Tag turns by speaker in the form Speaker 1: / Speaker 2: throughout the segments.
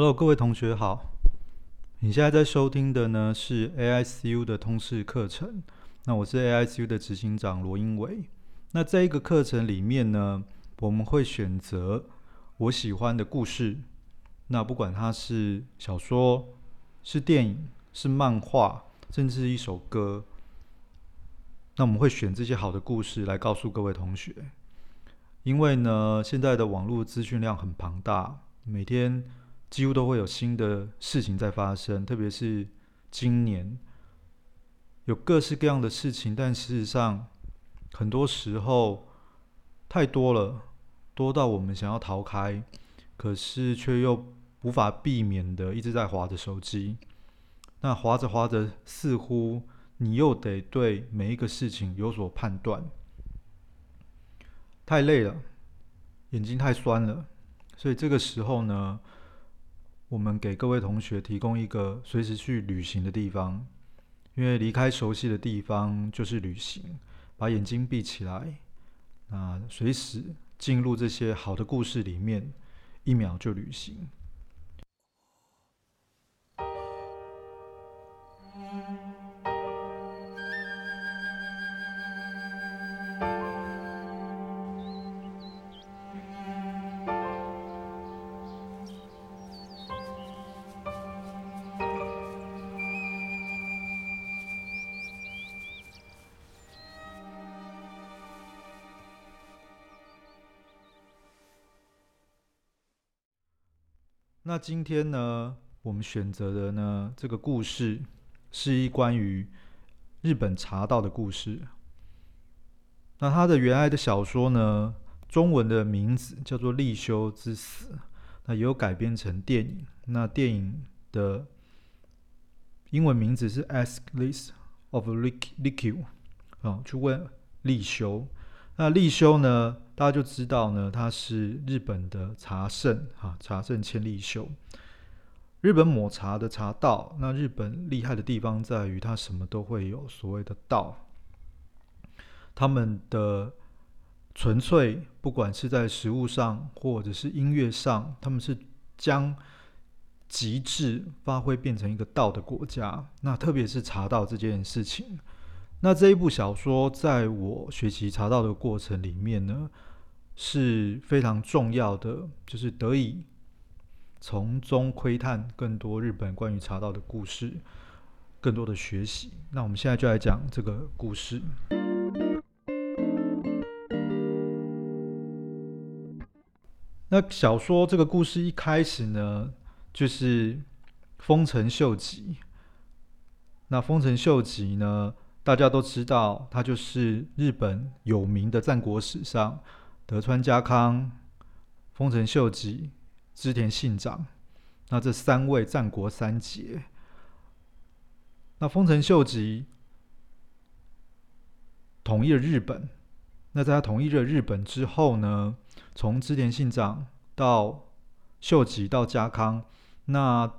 Speaker 1: Hello，各位同學好。你現在在收聽的呢是 AICU 的通識課程。那我是 AICU 的執行長羅英偉。那在一個課程裡面呢，我們會選擇我喜歡的故事。那不管它是小說、是電影、是漫畫，甚至是一首歌。那我們會選這些好的故事來告訴各位同學，因為呢，現在的網絡資訊量很龐大，每天，幾乎都會有新的事情在發生，特別是今年有各式各樣的事情。但事實上，很多時候太多了，多到我們想要逃開，可是卻又無法避免的一直在滑著手機。那滑著滑著，似乎你又得對每一個事情有所判斷，太累了，眼睛太酸了，所以這個時候呢，我們給各位同學提供一個隨時去旅行的地方，因為離開熟悉的地方就是旅行。把眼睛閉起來，那隨時進入這些好的故事裡面，一秒就旅行。 那今天呢，我們選擇的呢，這個故事是一關於日本茶道的故事。那它的原來的小說呢，中文的名字叫做《利休之死》。那也有改編成電影。那電影的英文名字是《Ask This of Rikyu》啊，去問利休。那利休呢，大家就知道呢，他是日本的茶聖，哈，茶聖千利休。日本抹茶的茶道，那日本厲害的地方在於，它什麼都會有所謂的道。他們的純粹，不管是在食物上或者是音樂上，他們是將極致發揮變成一個道的國家。那特別是茶道這件事情。那這一部小說，在我學習茶道的過程裡面呢，是非常重要的，就是得以從中窺探更多日本關於茶道的故事，更多的學習。那我們現在就來講這個故事。那小說這個故事一開始呢，就是豐臣秀吉。那豐臣秀吉呢？大家都知道，他就是日本有名的戰國史上德川家康、豐臣秀吉、織田信長，那這三位戰國三傑。那豐臣秀吉統一了日本，那在他統一了日本之後呢？從織田信長到秀吉到家康，那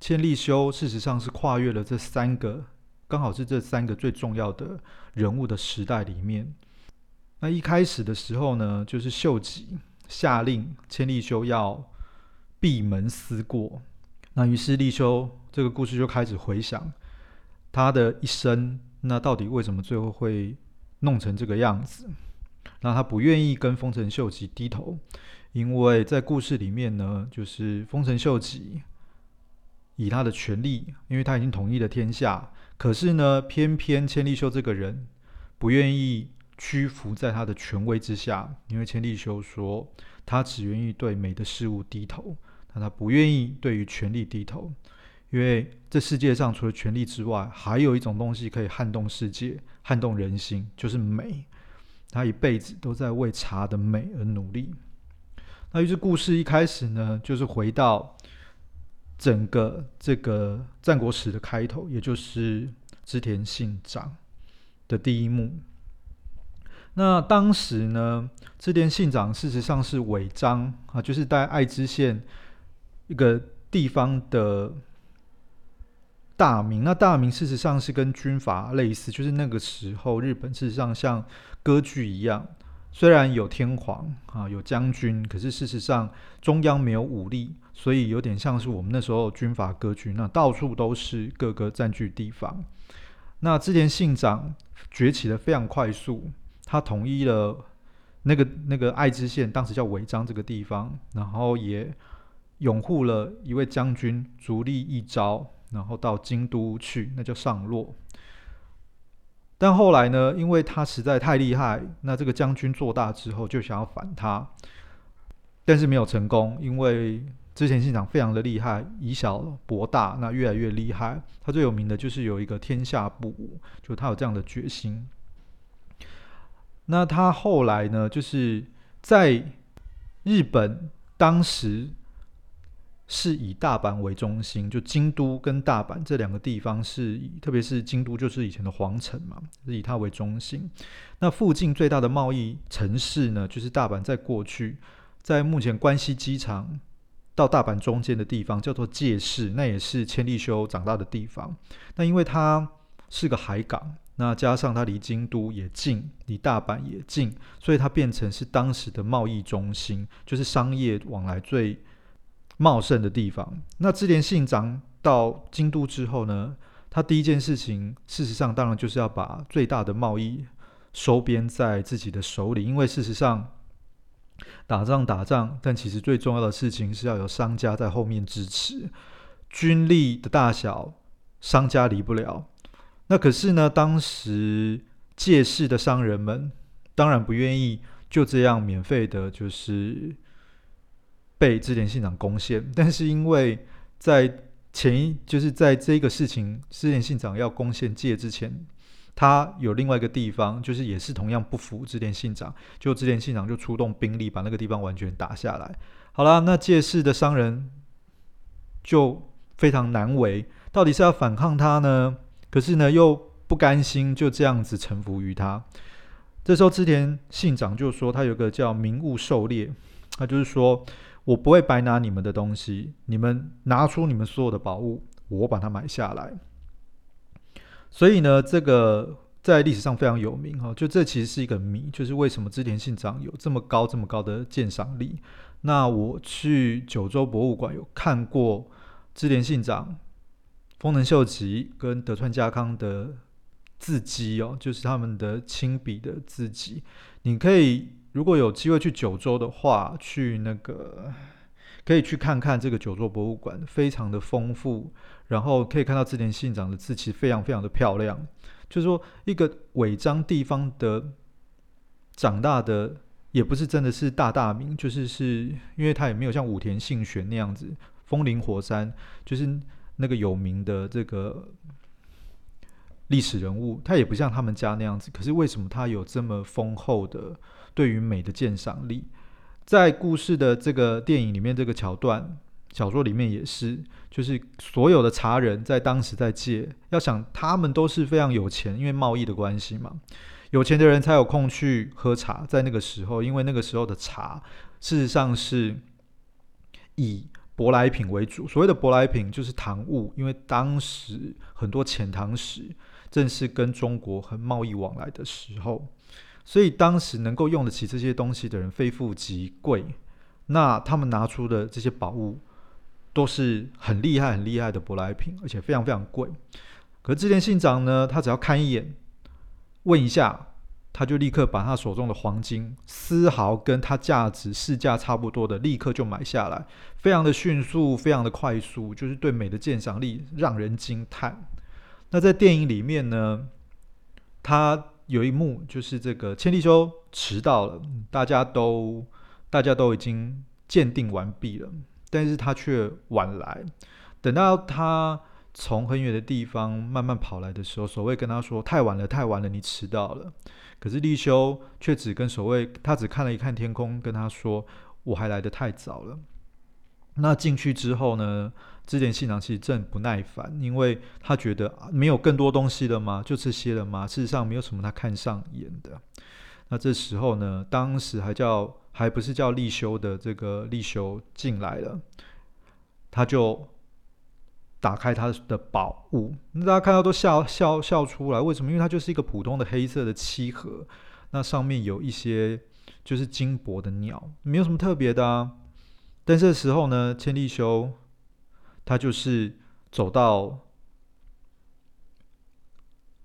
Speaker 1: 千利休事實上是跨越了這三個。剛好是這三個最重要的人物的時代裡面。那一開始的時候呢，就是秀吉下令千利休要閉門思過。那於是利休這個故事就開始回想他的一生。那到底為什麼最後會弄成這個樣子？那他不願意跟豐臣秀吉低頭，因為在故事裡面呢，就是豐臣秀吉以他的權力，因為他已經統一了天下。可是呢，偏偏千利休這個人不願意屈服在他的權威之下，因為千利休說他只願意對美的事物低頭，但他不願意對於權力低頭，因為這世界上除了權力之外，還有一種東西可以撼動世界、撼動人心，就是美。他一輩子都在為茶的美而努力。那於是故事一開始呢，就是回到。整個這個戰國史的開頭，也就是織田信長的第一幕。那當時呢，織田信長事實上是尾張，啊，就是在愛知縣一個地方的大名。那大名事實上是跟軍閥類似，就是那個時候日本事實上像割據一樣，雖然有天皇啊，有將軍，可是事實上中央沒有武力。所以有點像是我們那時候軍閥割據，那到處都是各個占據地方。那之前信長崛起得非常快速，他統一了那個那個愛知縣，當時叫尾張這個地方，然後也擁護了一位將軍足利義昭，然後到京都去，那就上洛。但後來呢，因為他實在太厲害，那這個將軍做大之後就想要反他，但是沒有成功，因為。之前成長非常的厲害，以小博大，那越來越厲害。他最有名的就是有一個天下布武，他有這樣的決心。那他後來呢，就是在日本當時是以大阪為中心，就京都跟大阪這兩個地方是以，特別是京都就是以前的皇城嘛，是以它為中心。那附近最大的貿易城市呢，就是大阪。在過去，在目前關西機場。到大阪中間的地方叫做堺市，那也是千利休長大的地方。那因為它是個海港，那加上它離京都也近，離大阪也近，所以它變成是當時的貿易中心，就是商業往來最茂盛的地方。那織田信長到京都之後呢，他第一件事情，事實上當然就是要把最大的貿易收編在自己的手裡，因為事實上。打仗打仗，但其實最重要的事情是要有商家在後面支持。軍力的大小，商家離不了。那可是呢，當時堺市的商人們當然不願意就這樣免費的，就是被織田信長攻陷。但是因為在前一，就是在這個事情織田信長要攻陷堺之前。他有另外一個地方，就是也是同樣不服織田信長，就織田信長就出動兵力把那個地方完全打下來。好了，那堺市的商人就非常難為，到底是要反抗他呢？可是呢又不甘心就這樣子臣服於他。這時候織田信長就說：“他有一個叫名物狩獵，他就是說我不會白拿你們的東西，你們拿出你們所有的寶物，我把它買下來。”所以呢，這個在歷史上非常有名哈、哦，就這其實是一個謎，就是為什麼織田信長有這麼高這麼高的鑑賞力？那我去九州博物館有看過織田信長、豐臣秀吉跟德川家康的字跡哦，就是他們的親筆的字跡。你可以如果有機會去九州的話，去那個可以去看看這個九州博物館，非常的豐富。然後可以看到織田信長的字其實非常非常的漂亮，就是說一個尾張地方的長大的，也不是真的是大大名，就是是因為他也沒有像武田信玄那樣子，風林火山就是那個有名的這個歷史人物，他也不像他們家那樣子。可是為什麼他有這麼豐厚的對於美的鑑賞力？在故事的這個電影裡面這個橋段。小說裡面也是，就是所有的茶人在當時在堺，要想他們都是非常有錢，因為貿易的關係嘛，有錢的人才有空去喝茶。在那個時候，因為那個時候的茶，事實上是以舶來品為主。所謂的舶來品就是唐物，因為當時很多遣唐使正是跟中國和貿易往來的時候，所以當時能夠用得起這些東西的人，非富即貴。那他們拿出的這些寶物。都是很厲害、很厲害的舶來品，而且非常非常貴。可織田信長呢，他只要看一眼、問一下，他就立刻把他手中的黃金，絲毫跟他價值、市價差不多的，立刻就買下來，非常的迅速、非常的快速，就是對美的鑑賞力讓人驚嘆。那在電影裡面呢，他有一幕就是這個千利休遲到了，大家都大家都已經鑑定完畢了。但是他卻晚來，等到他從很遠的地方慢慢跑來的時候，守衛跟他說：“太晚了，太晚了，你遲到了。”可是利休卻只跟守衛，他只看了一看天空，跟他說：“我還來得太早了。”那進去之後呢，之前信長其實正不耐煩，因為他覺得沒有更多東西了嗎？就這些了嗎？事實上，沒有什麼他看上眼的。那這時候呢，當時還叫還不是叫利休的這個利休進來了，他就打開他的寶物，那大家看到都笑笑笑出來，為什麼？因為他就是一個普通的黑色的漆盒，那上面有一些就是金箔的鳥，沒有什麼特別的啊。但這時候呢，千利休他就是走到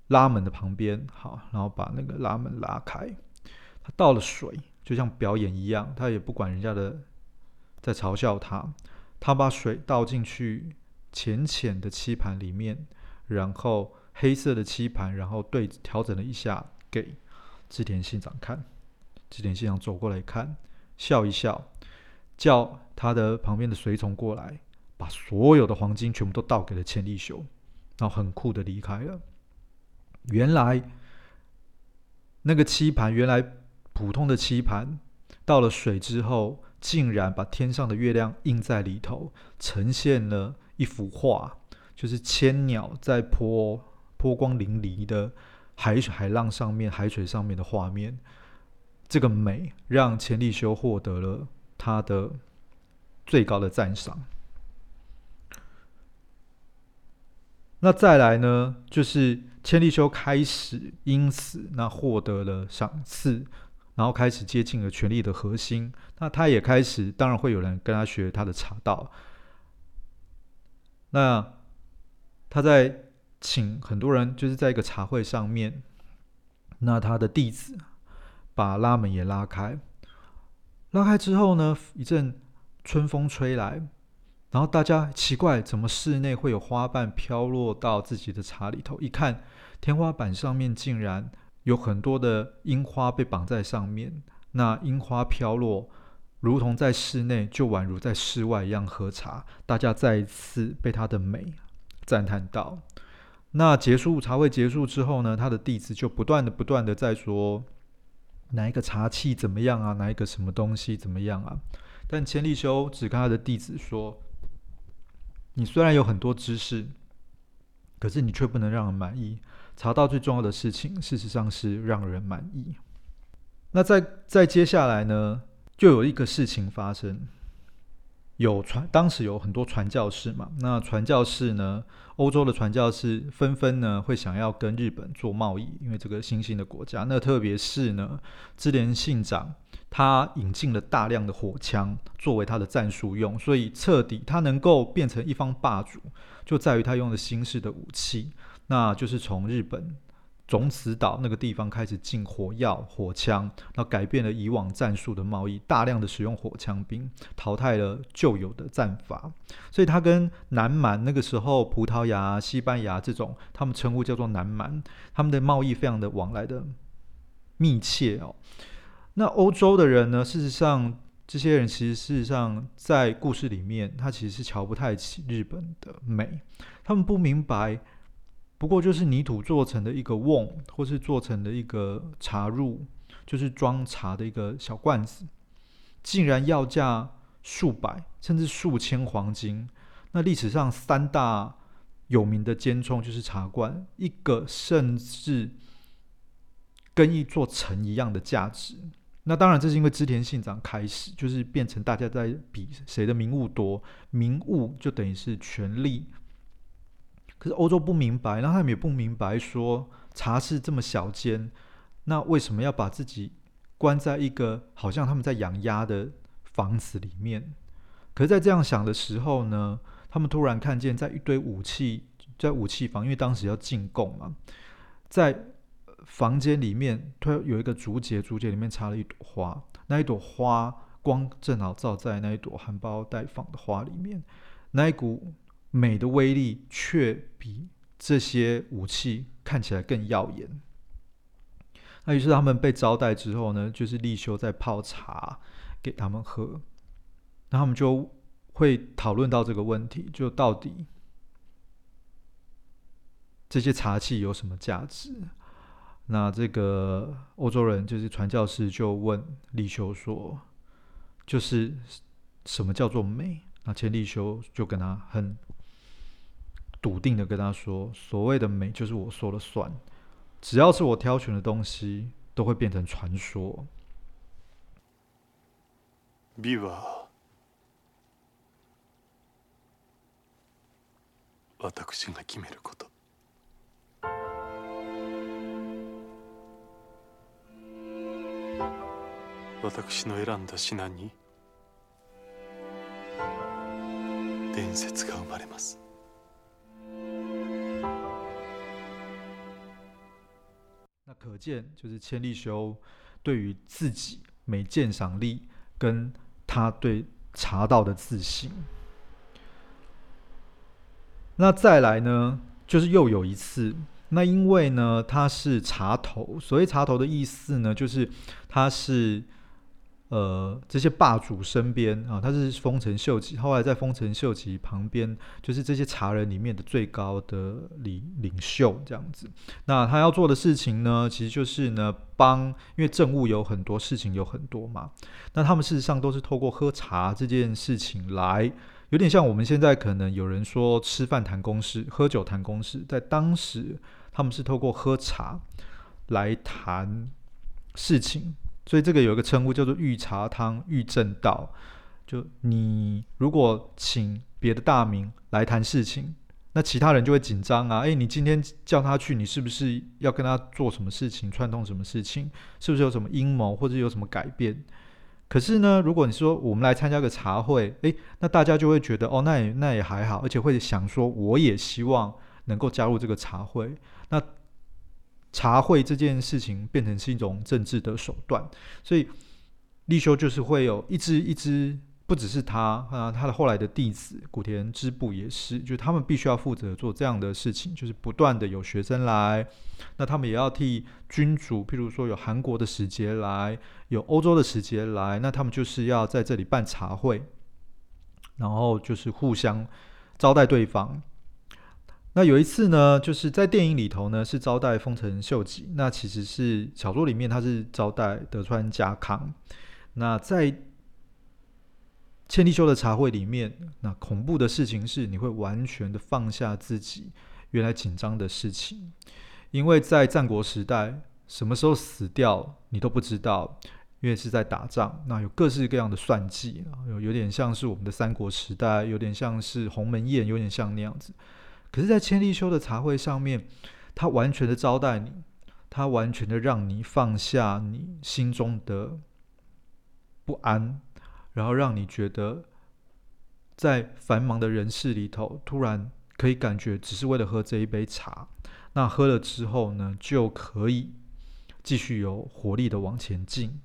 Speaker 1: 拉門的旁邊，好，然後把那個拉門拉開。他倒了水，就像表演一樣，他也不管人家的在嘲笑他。他把水倒進去淺淺的漆盤裡面，然後黑色的漆盤，然後對，調整了一下，給織田信長看。織田信長走過來看，笑一笑，叫他的旁邊的隨從過來，把所有的黃金全部都倒給了千利休，然後很酷的離開了。原來那個漆盤原來。普通的漆盤，到了水之後，竟然把天上的月亮印在裡頭，呈現了一幅畫，就是千鳥在波，波光粼粼的海水、海浪上面、海水上面的畫面。這個美讓千利休獲得了他的最高的讚賞。那再來呢，就是千利休開始因此那獲得了賞賜。然後開始接近了權力的核心，那他也開始，當然會有人跟他學他的茶道。那他在請很多人，就是在一個茶會上面，那他的弟子把拉門也拉開，拉開之後呢，一陣春風吹來，然後大家奇怪，怎麼室內會有花瓣飄落到自己的茶裡頭？一看，天花板上面竟然。有很多的櫻花被綁在上面，那櫻花飄落，如同在室內，就宛如在室外一樣喝茶。大家再一次被它的美讚嘆到。那結束茶會結束之後呢，他的弟子就不斷的不斷的在說哪一個茶器怎麼樣啊，哪一個什麼東西怎麼樣啊。但千利休只跟他的弟子說：“你雖然有很多知識，可是你卻不能讓人滿意。”查到最重要的事情，事實上是讓人滿意。那在在接下來呢，就有一個事情發生，有傳當時有很多傳教士嘛，那傳教士呢，歐洲的傳教士紛紛呢會想要跟日本做貿易，因為這個新興的國家。那特別是呢，織田信長他引進了大量的火槍作為他的戰術用，所以徹底他能夠變成一方霸主，就在於他用了新式的武器。那就是從日本種子島那個地方開始進火藥、火槍，然後改變了以往戰術的貿易，大量的使用火槍兵，淘汰了舊有的戰法。所以，他跟南蠻那個時候，葡萄牙、西班牙這種，他們稱呼叫做南蠻，他們的貿易非常的往來的密切哦。那歐洲的人呢？事實上，這些人其實事實上在故事裡面，他其實是瞧不太起日本的美，他們不明白。不過就是泥土做成的一個甕，或是做成的一個茶入，就是裝茶的一個小罐子，竟然要價數百甚至數千黃金。那歷史上三大有名的肩衝，就是茶罐，一個甚至跟一座城一樣的價值。那當然這是因為織田信長開始就是變成大家在比誰的名物多，名物就等於是權力。可是歐洲不明白，然後他們也不明白，說茶室這麼小間，那為什麼要把自己關在一個好像他們在養鴨的房子裡面？可是，在這樣想的時候呢，他們突然看見在一堆武器，在武器房，因為當時要進貢嘛，在房間裡面突然有一個竹節，竹節裡面插了一朵花，那一朵花光正好照在那一朵含苞待放的花裡面，那一股。美的威力卻比這些武器看起來更耀眼。那於是他們被招待之後呢，就是利休在泡茶給他們喝，那他們就會討論到這個問題，就到底這些茶器有什麼價值？那這個歐洲人就是傳教士就問利休說，就是什麼叫做美？那且利休就跟他很。篤定的跟他說：“所謂的美就是我說了算，只要是我挑選的東西，都會變成傳說。啊”美は、私が決めること、私の選んだシナに可見，就是千利休對於自己沒鑑賞力，跟他對茶道的自信。那再來呢，就是又有一次，那因為呢，他是茶頭。所以茶頭的意思呢，就是他是。呃，這些霸主身邊啊，他是豐臣秀吉，後來在豐臣秀吉旁邊，就是這些茶人裡面的最高的領領袖這樣子。那他要做的事情呢，其實就是呢，幫，因為政務有很多事情有很多嘛，那他們事實上都是透過喝茶這件事情來，有點像我們現在可能有人說吃飯談公事、喝酒談公事，在當時他們是透過喝茶來談事情。所以這個有一個稱呼叫做“御茶湯御政道”，就你如果請別的大名來談事情，那其他人就會緊張啊！哎，你今天叫他去，你是不是要跟他做什麼事情，串通什麼事情，是不是有什麼陰謀或者有什麼改變？可是呢，如果你說我們來參加個茶會，誒，那大家就會覺得哦，那也那也還好，而且會想說我也希望能夠加入這個茶會，那。茶會這件事情變成是一種政治的手段，所以利休就是會有，一支一支，不只是他啊，他的後來的弟子古田織部也是，就他們必須要負責做這樣的事情，就是不斷的有學生來，那他們也要替君主，譬如說有韓國的使節來，有歐洲的使節來，那他們就是要在這裡辦茶會，然後就是互相招待對方。那有一次呢，就是在電影裡頭呢，是招待豐臣秀吉。那其實是小說裡面他是招待德川家康。那在千利休的茶會裡面，那恐怖的事情是你會完全的放下自己原來緊張的事情，因為在戰國時代，什麼時候死掉你都不知道，因為是在打仗。那有各式各樣的算計，有有點像是我們的三國時代，有點像是鴻門宴，有點像那樣子。可是，在千利休的茶會上面，他完全的招待你，他完全的讓你放下你心中的不安，然後讓你覺得，在繁忙的人世裡頭，突然可以感覺，只是為了喝這一杯茶。那喝了之後呢，就可以繼續有活力的往前進。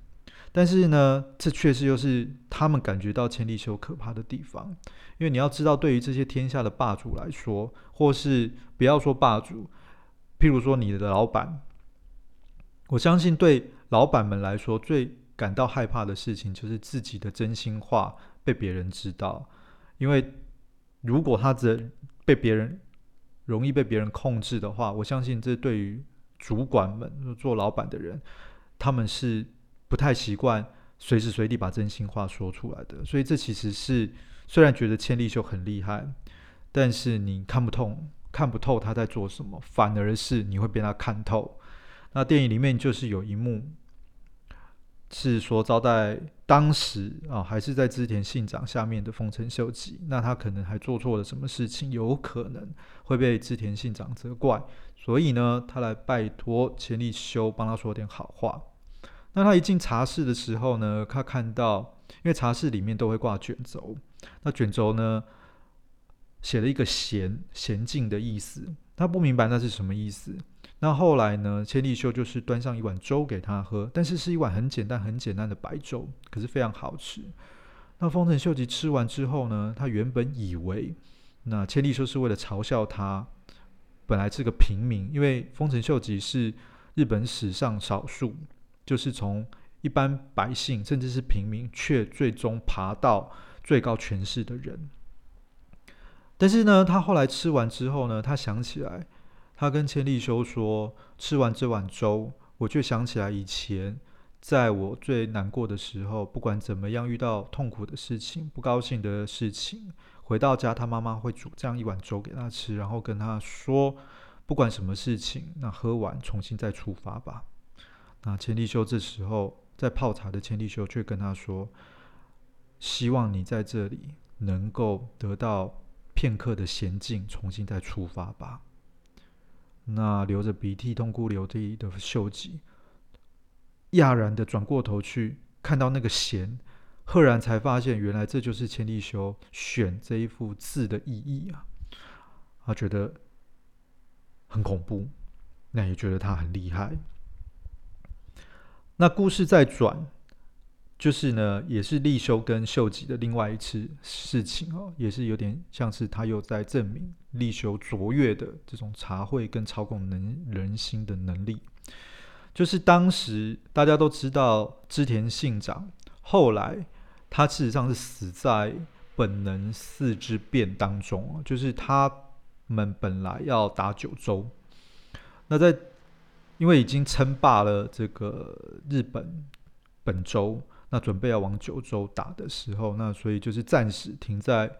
Speaker 1: 但是呢，這確實又是他們感覺到千利休可怕的地方，因為你要知道，對於這些天下的霸主來說，或是不要說霸主，譬如說你的老闆，我相信對老闆們來說，最感到害怕的事情就是自己的真心話被別人知道，因為如果他只被別人容易被別人控制的話，我相信這對於主管們做老闆的人，他們是。不太習慣隨時隨地把真心話說出來的，所以這其實是雖然覺得千利休很厲害，但是你看不透，看不透他在做什麼，反而是你會被他看透。那電影裡面就是有一幕是說，招待當時啊，還是在織田信長下面的豐臣秀吉，那他可能還做錯了什麼事情，有可能會被織田信長責怪，所以呢，他來拜託千利休幫他說點好話。那他一進茶室的時候呢，他看到因為茶室裡面都會掛卷軸，那卷軸呢寫了一個“閒”“閒靜”的意思，他不明白那是什麼意思。那後來呢，千利休就是端上一碗粥給他喝，但是是一碗很簡單、很簡單的白粥，可是非常好吃。那豐臣秀吉吃完之後呢，他原本以為那千利休是為了嘲笑他，本來是個平民，因為豐臣秀吉是日本史上少數。就是從一般百姓，甚至是平民，卻最終爬到最高權勢的人。但是呢，他後來吃完之後呢，他想起來，他跟千利休說：“吃完這碗粥，我卻想起來以前，在我最難過的時候，不管怎麼樣遇到痛苦的事情、不高興的事情，回到家，他媽媽會煮這樣一碗粥給他吃，然後跟他說，不管什麼事情，那喝完重新再出發吧。”那千利休這時候在泡茶的千利休，卻跟他說：“希望你在這裡能夠得到片刻的閒靜，重新再出發吧。”那流着鼻涕、痛哭流涕的秀吉，訝然的轉過頭去，看到那個閑，赫然才發現，原來這就是千利休選這一幅字的意義啊！他覺得很恐怖，那也覺得他很厲害。那故事再轉，就是呢，也是利休跟秀吉的另外一次事情哦，也是有點像是他又在證明利休卓越的這種茶會跟操控人心的能力。就是當時大家都知道織田信長，後來他事實上是死在本能寺之變當中哦，就是他們本來要打九州，那在。因為已經稱霸了這個日本本州，那準備要往九州打的時候，那所以就是暫時停在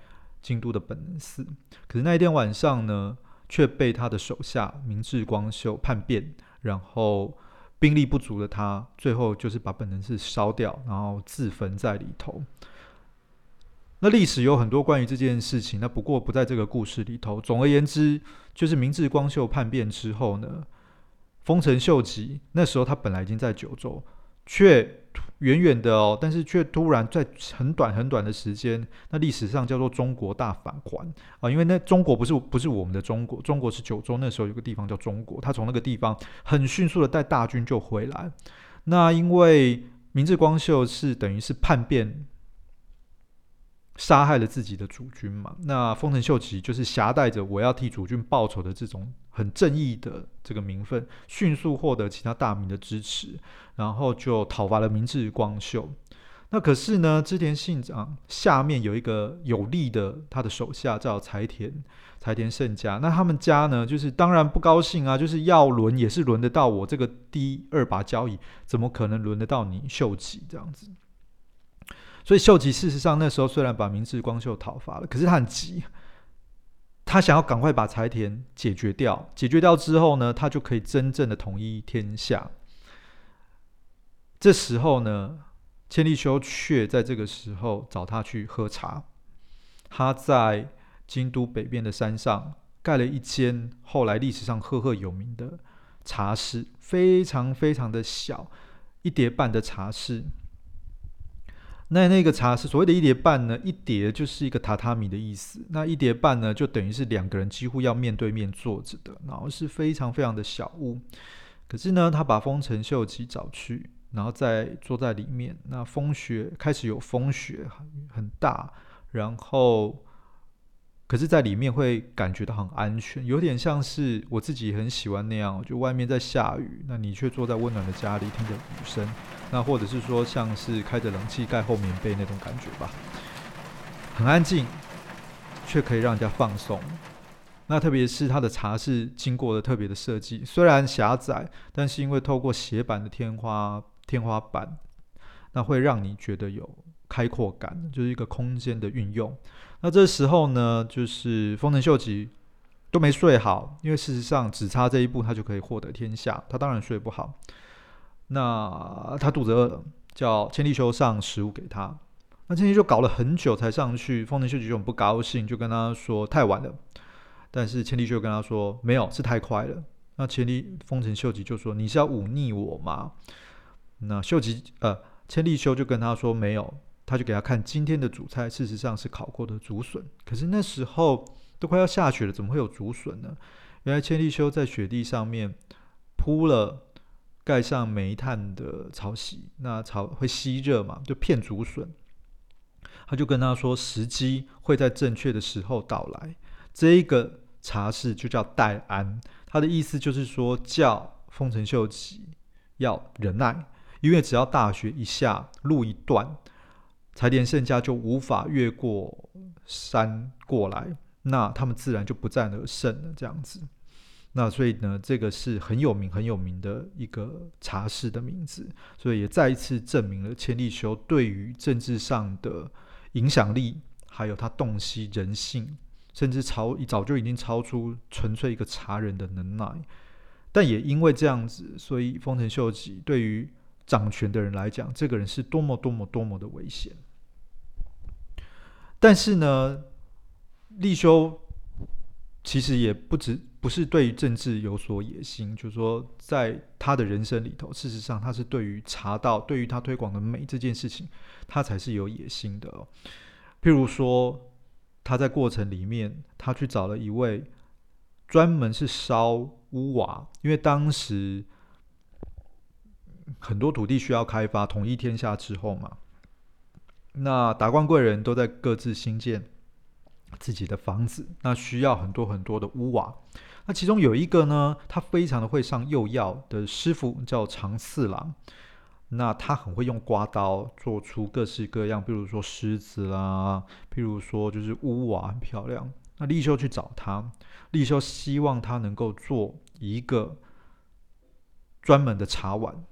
Speaker 1: 京都的本能寺。可是那一天晚上呢，卻被他的手下明智光秀叛變，然後兵力不足的他，最後就是把本能寺燒掉，然後自焚在裡頭。那歷史有很多關於這件事情，那不過不在這個故事裡頭。總而言之，就是明智光秀叛變之後呢。豐臣秀吉那時候他本來已經在九州，卻遠遠的哦，但是卻突然在很短很短的時間，那歷史上叫做中國大返還啊，因為那中國不是，不是我們的中國，中國是九州，那時候有個地方叫中國，他從那個地方很迅速的帶大軍就回來，那因為明智光秀是等於是叛變。殺害了自己的主君嘛。那豐臣秀吉就是挾帶着我要替主君報仇的這種很正義的這個名分，迅速獲得其他大名的支持，然後就討伐了明智光秀。那可是呢，織田信長下面有一個有力的他的手下叫柴田，柴田勝家。那他們家呢，就是當然不高興啊，就是要輪也是輪得到我這個第二把交椅，怎麼可能輪得到你秀吉這樣子？所以秀吉事實上那時候雖然把明智光秀討伐了，可是他很急，他想要趕快把柴田解決掉。解決掉之後呢，他就可以真正的統一天下。這時候呢，千利休卻在這個時候找他去喝茶。他在京都北邊的山上蓋了一間後來歷史上赫赫有名的茶室，非常非常的小，一疊半的茶室。那那個茶室所謂的一疊半呢，一疊就是一個榻榻米的意思，那一疊半呢就等於是兩個人幾乎要面對面坐着的，然後是非常非常的小屋。可是呢，他把豐臣秀吉找去，然後再坐在裡面。那風雪開始有風雪很、很大，然後可是，在裡面會感覺到很安全，有點像是我自己很喜歡那樣，就外面在下雨，那你卻坐在溫暖的家裡，聽着雨聲。那或者是說，像是開着冷氣蓋厚棉被那種感覺吧，很安靜，卻可以讓人家放鬆。那特別是它的茶室經過了特別的設計，雖然狹窄，但是因為透過斜板的天花天花板，那會讓你覺得有開闊感，就是一個空間的運用。那這時候呢，就是豐臣秀吉都沒睡好，因為事實上只差這一步，他就可以獲得天下，他當然睡不好。那他肚子餓了，叫千利休上食物給他。那千利休搞了很久才上去，豐臣秀吉就很不高興，就跟他說太晚了。但是千利休跟他說沒有，是太快了。那千利，豐臣秀吉就說，你是要忤逆我嗎？那秀吉，呃，千利休就跟他說沒有，他就給他看今天的主菜，事實上是烤過的竹筍。可是那時候都快要下雪了，怎麼會有竹筍呢？原來千利休在雪地上面鋪了。蓋上煤炭的草席，那草會吸熱嘛，就片竹筍。他就跟他說，時機會在正確的時候到來。這一個茶室就叫待庵，他的意思就是說，叫豐臣秀吉要忍耐，因為只要大雪一下，路一斷，柴田勝家就無法越過山過來，那他們自然就不戰而勝了，這樣子。那所以呢，這個是很有名、很有名的一個茶室的名字，所以也再一次證明了千利休對於政治上的影響力，還有他洞悉人性，甚至超早就已經超出純粹一個茶人的能耐。但也因為這樣子，所以豐臣秀吉對於掌權的人來講，這個人是多麼多麼多麼的危險。但是呢，利休其實也不止。不是對於政治有所野心，就是說，在他的人生裡頭，事實上他是對於茶道、對於他推廣的美這件事情，他才是有野心的哦。譬如說，他在過程裡面，他去找了一位專門是燒屋瓦，因為當時很多土地需要開發，統一天下之後嘛，那達官貴人都在各自新建自己的房子，那需要很多很多的屋瓦。那其中有一個呢，他非常的會上釉藥的師傅叫長次郎，那他很會用刮刀做出各式各樣，比如說獅子啦、啊，譬如說就是屋瓦很漂亮。那利休去找他，利休希望他能夠做一個專門的茶碗。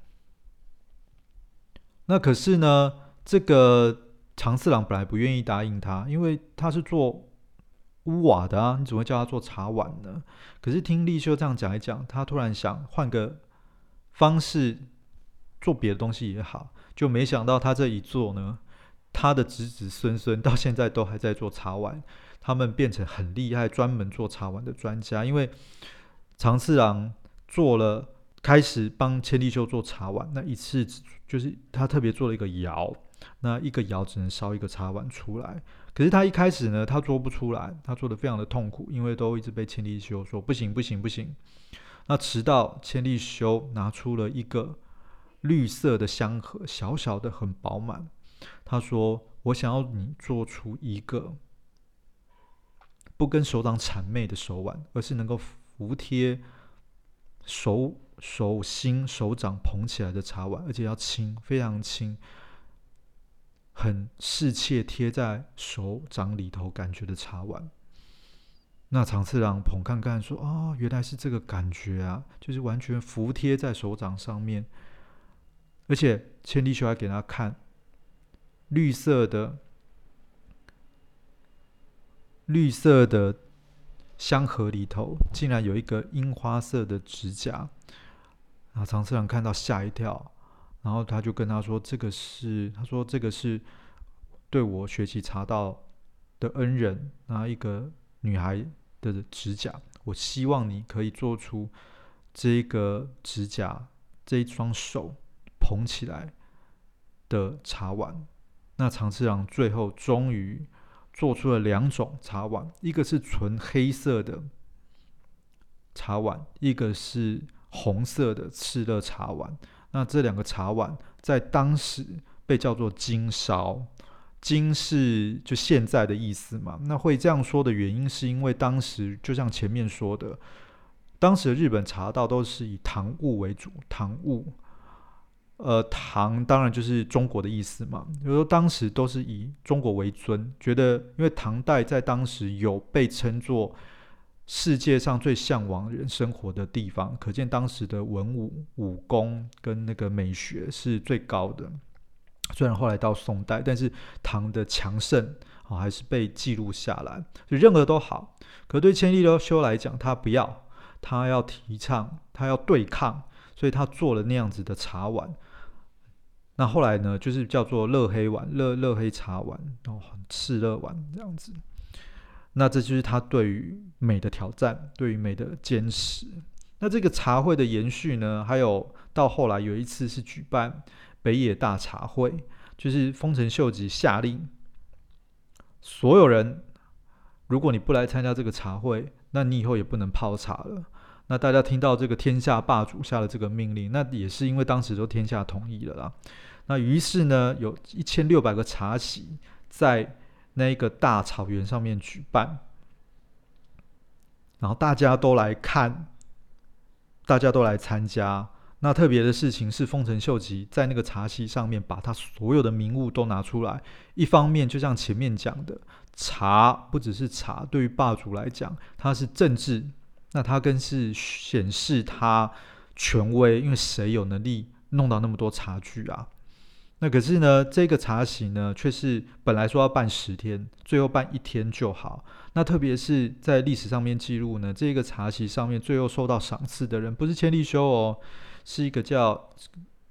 Speaker 1: 那可是呢，這個長次郎本來不願意答應他，因為他是做。烏瓦的啊，你怎麼會叫他做茶碗呢？可是聽利休這樣講一講，他突然想換個方式做別的東西也好。就沒想到他這一做呢，他的子子孫孫到現在都還在做茶碗，他們變成很厲害、專門做茶碗的專家。因為長次郎做了，開始幫千利休做茶碗，那一次就是他特別做了一個窯，那一個窯只能燒一個茶碗出來。可是他一開始呢，他做不出來，他做的非常的痛苦，因為都一直被千利休說不行不行不行。那直到千利休拿出了一個綠色的香盒，小小的很飽滿，他說：“我想要你做出一個不跟手掌諂媚的手腕，而是能夠服貼手手心手掌捧起來的茶碗，而且要輕，非常輕。”很適切貼在手掌裡頭感覺的茶碗，那長次郎捧看看說：“哦，原來是這個感覺啊，就是完全服貼在手掌上面。”而且千利休還給他看綠色的綠色的香盒裡頭，竟然有一個櫻花色的指甲。啊，長次郎看到嚇一跳。然後他就跟他說：“這個是他說，這個是對我學習茶道的恩人，那一個女孩的指甲。我希望你可以做出這個指甲，這一雙手捧起來的茶碗。那長次郎最後終於做出了兩種茶碗，一個是純黑色的茶碗，一個是紅色的赤樂茶碗。”那這兩個茶碗在當時被叫做“今燒”，“今”是就現在的意思嘛？那會這樣說的原因，是因為當時就像前面說的，當時的日本茶道都是以唐物為主，唐物，呃，唐當然就是中國的意思嘛。比如說當時都是以中國為尊，覺得因為唐代在當時有被稱作，世界上最嚮往人生活的地方，可見當時的文武武功跟那個美學是最高的。雖然後來到宋代，但是唐的強盛啊、哦、還是被記錄下來。就任何都好，可對千利休來講，他不要，他要提倡，他要對抗，所以他做了那樣子的茶碗。那後來呢，就是叫做樂黑碗、樂樂黑茶碗，然、哦、後赤樂碗這樣子。那這就是他對於美的挑戰，對於美的堅持。那這個茶會的延續呢？還有到後來有一次是舉辦北野大茶會，就是豐臣秀吉下令所有人，如果你不來參加這個茶會，那你以後也不能泡茶了。那大家聽到這個天下霸主下的這個命令，那也是因為當時都天下統一了啦。那於是呢，有一千六百個茶席在，那一個大草原上面舉辦，然後大家都來看，大家都來參加。那特別的事情是，豐臣秀吉在那個茶席上面把他所有的名物都拿出來。一方面，就像前面講的，茶不只是茶，對於霸主來講，它是政治。那他更是顯示他權威，因為誰有能力弄到那麼多茶具啊？那可是呢，這個茶席呢，卻是本來說要辦十天，最後辦一天就好。那特別是在歷史上面記錄呢，這個茶席上面最後受到賞賜的人，不是千利休哦，是一個叫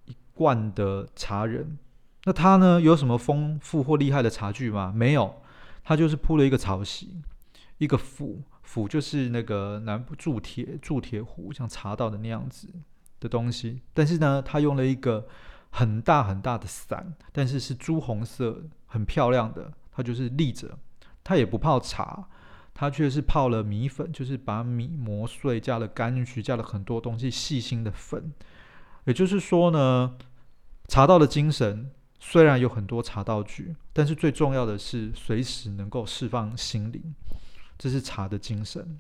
Speaker 1: 一貫的茶人。那他呢，有什麼豐富或厲害的茶具嗎？沒有，他就是鋪了一個草席，一個釜，釜就是那個南部鑄鐵，鑄鐵壺，像茶道的那樣子的東西。但是呢，他用了一個。很大很大的傘，但是是朱紅色，很漂亮的。它就是立着，它也不泡茶，它卻是泡了米粉，就是把米磨碎，加了柑橘，加了很多東西，細心的粉。也就是說呢，茶道的精神雖然有很多茶道具，但是最重要的是隨時能夠釋放心靈，這是茶的精神。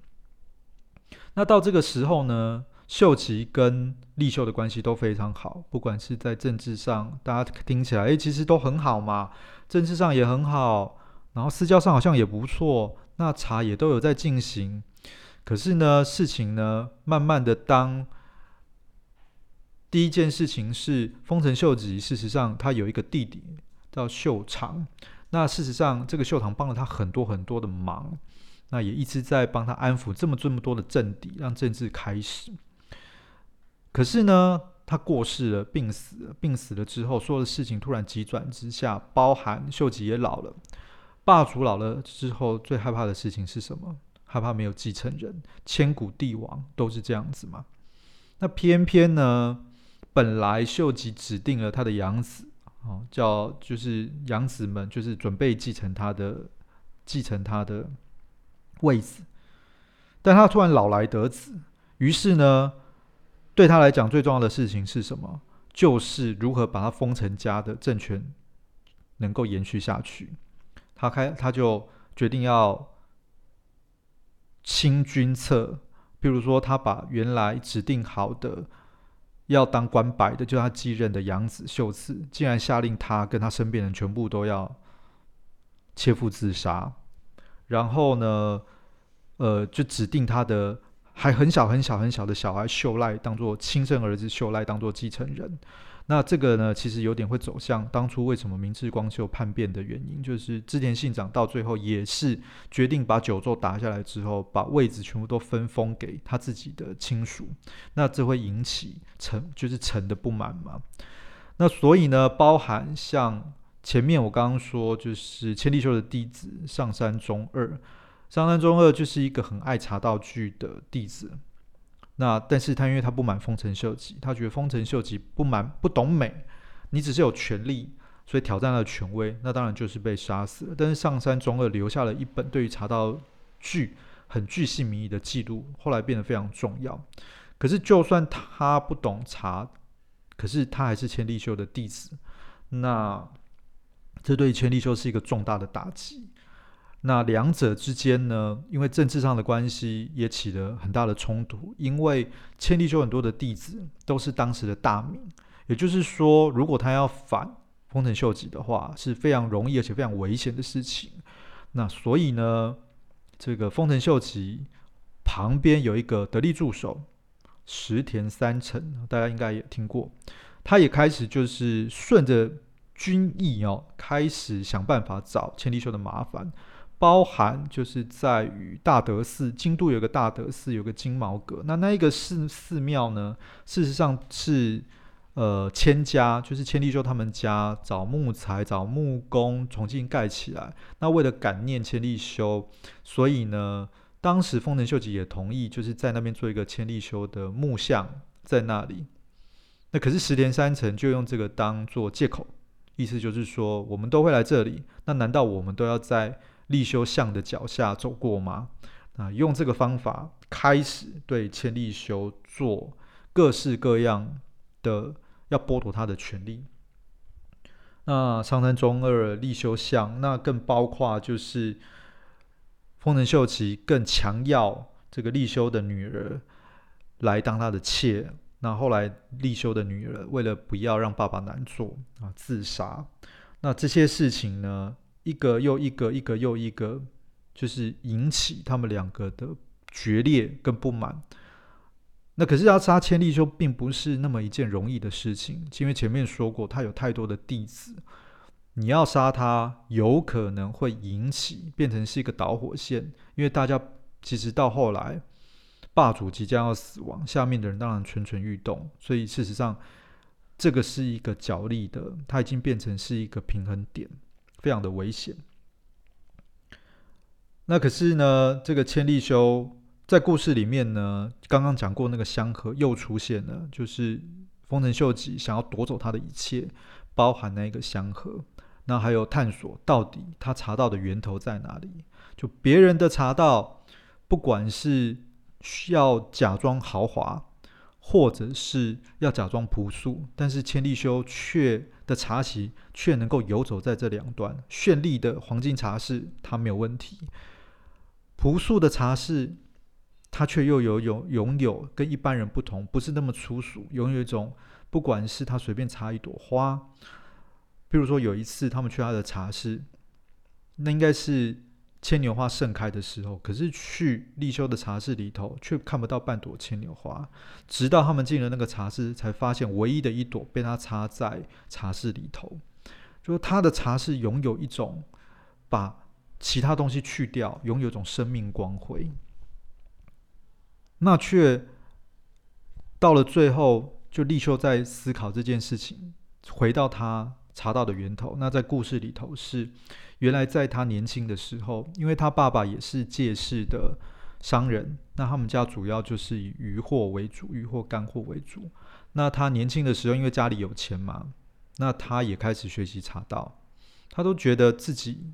Speaker 1: 那到這個時候呢，秀吉跟利休的關係都非常好，不管是在政治上，大家聽起來誒、欸、其實都很好嘛，政治上也很好，然後私交上好像也不錯，那茶也都有在進行。可是呢，事情呢，慢慢的，當第一件事情是豐臣秀吉，事實上他有一個弟弟叫秀長，那事實上這個秀長幫了他很多很多的忙，那也一直在幫他安撫這麼這麼多的政敵，讓政治開始。可是呢，他過世了，病死了，病死了之後，所有的事情突然急轉直下，包含秀吉也老了，霸主老了之後最害怕的事情是什麼？害怕沒有繼承人，千古帝王都是這樣子嘛。那偏偏呢，本來秀吉指定了他的養子，哦，叫就是養子們，就是準備繼承他的繼承他的位子，但他突然老來得子，於是呢。對他來講，最重要的事情是什麼？就是如何把他豐臣家的政權能夠延續下去。他開，他就決定要清君側，比如說他把原來指定好的要當關白的，就是他繼任的養子秀次，竟然下令他跟他身邊人全部都要切腹自殺。然後呢，呃，就指定他的。還很小很小很小的小孩秀賴當做親生兒子，秀賴當做繼承人。那這個呢，其實有點會走向當初為什麼明智光秀叛變的原因，就是織田信長到最後也是決定把九州打下來之後，把位置全部都分封給他自己的親屬。那這會引起臣就是臣的不滿嗎？那所以呢，包含像前面我剛剛說，就是千利休的弟子上山中二。上山中二就是一個很愛茶道具的弟子，那但是他因為他不滿豐臣秀吉，他覺得豐臣秀吉不滿不懂美，你只是有權力，所以挑戰了權威，那當然就是被殺死了。但是上山中二留下了一本對於茶道具很巨細靡遺的記錄，後來變得非常重要。可是就算他不懂茶，可是他還是千利休的弟子，那這對千利休是一個重大的打擊。那兩者之間呢，因為政治上的關係也起了很大的衝突。因為千利休很多的弟子都是當時的大名，也就是說，如果他要反豐臣秀吉的話，是非常容易而且非常危險的事情。那所以呢，這個豐臣秀吉旁邊有一個得力助手石田三成，大家應該也聽過，他也開始就是順着君意哦，開始想辦法找千利休的麻煩。包含就是在於大德寺，京都有個大德寺，有個金毛閣。那那一個寺寺廟呢，事實上是呃千家，就是千利休他們家找木材、找木工重新蓋起來。那為了感念千利休，所以呢，當時豐臣秀吉也同意，就是在那邊做一個千利休的木像在那裡。那可是石田三成就用這個當做借口，意思就是說，我們都會來這裡，那難道我們都要在？利休像的腳下走過嗎？啊，用這個方法開始對千利休做各式各樣的要剝奪他的權利。那上山中二利休像，那更包括就是豐臣秀吉更強要這個利休的女兒來當他的妾。那後來利休的女兒為了不要讓爸爸難做啊，自殺。那這些事情呢，一個又一個，一個又一個，就是引起他們兩個的決裂跟不滿。那可是要殺千利休，並不是那麼一件容易的事情，因為前面說過，他有太多的弟子。你要殺他，有可能會引起變成是一個導火線，因為大家其實到後來霸主即將要死亡，下面的人當然蠢蠢欲動。所以事實上，這個是一個角力的，他已經變成是一個平衡點。非常的危險。那可是呢，這個千利休在故事裡面呢，剛剛講過那個香合又出現了，就是豐臣秀吉想要奪走他的一切，包含那個香合，那還有探索到底他茶道的源頭在哪裡。就別人的茶道，不管是需要假裝豪華，或者是要假裝樸素，但是千利休卻。茶席卻能夠游走在這兩端，絢麗的黃金茶室它沒有問題，樸素的茶室它卻又有有擁有跟一般人不同，不是那麼粗俗，擁有一種不管是他隨便插一朵花，比如說有一次他們去他的茶室，那應該是。牽牛花盛開的時候，可是去利休的茶室裡頭，卻看不到半朵牽牛花。直到他們進了那個茶室，才發現唯一的一朵被他插在茶室裡頭。就是他的茶室擁有一種把其他東西去掉，擁有一種生命光輝。那卻到了最後，就利休在思考這件事情，回到他。茶道的源頭，那在故事裡頭是原來在他年輕的時候，因為他爸爸也是堺市的商人，那他們家主要就是以魚貨為主，魚貨乾貨為主。那他年輕的時候，因為家裡有錢嘛，那他也開始學習茶道。他都覺得自己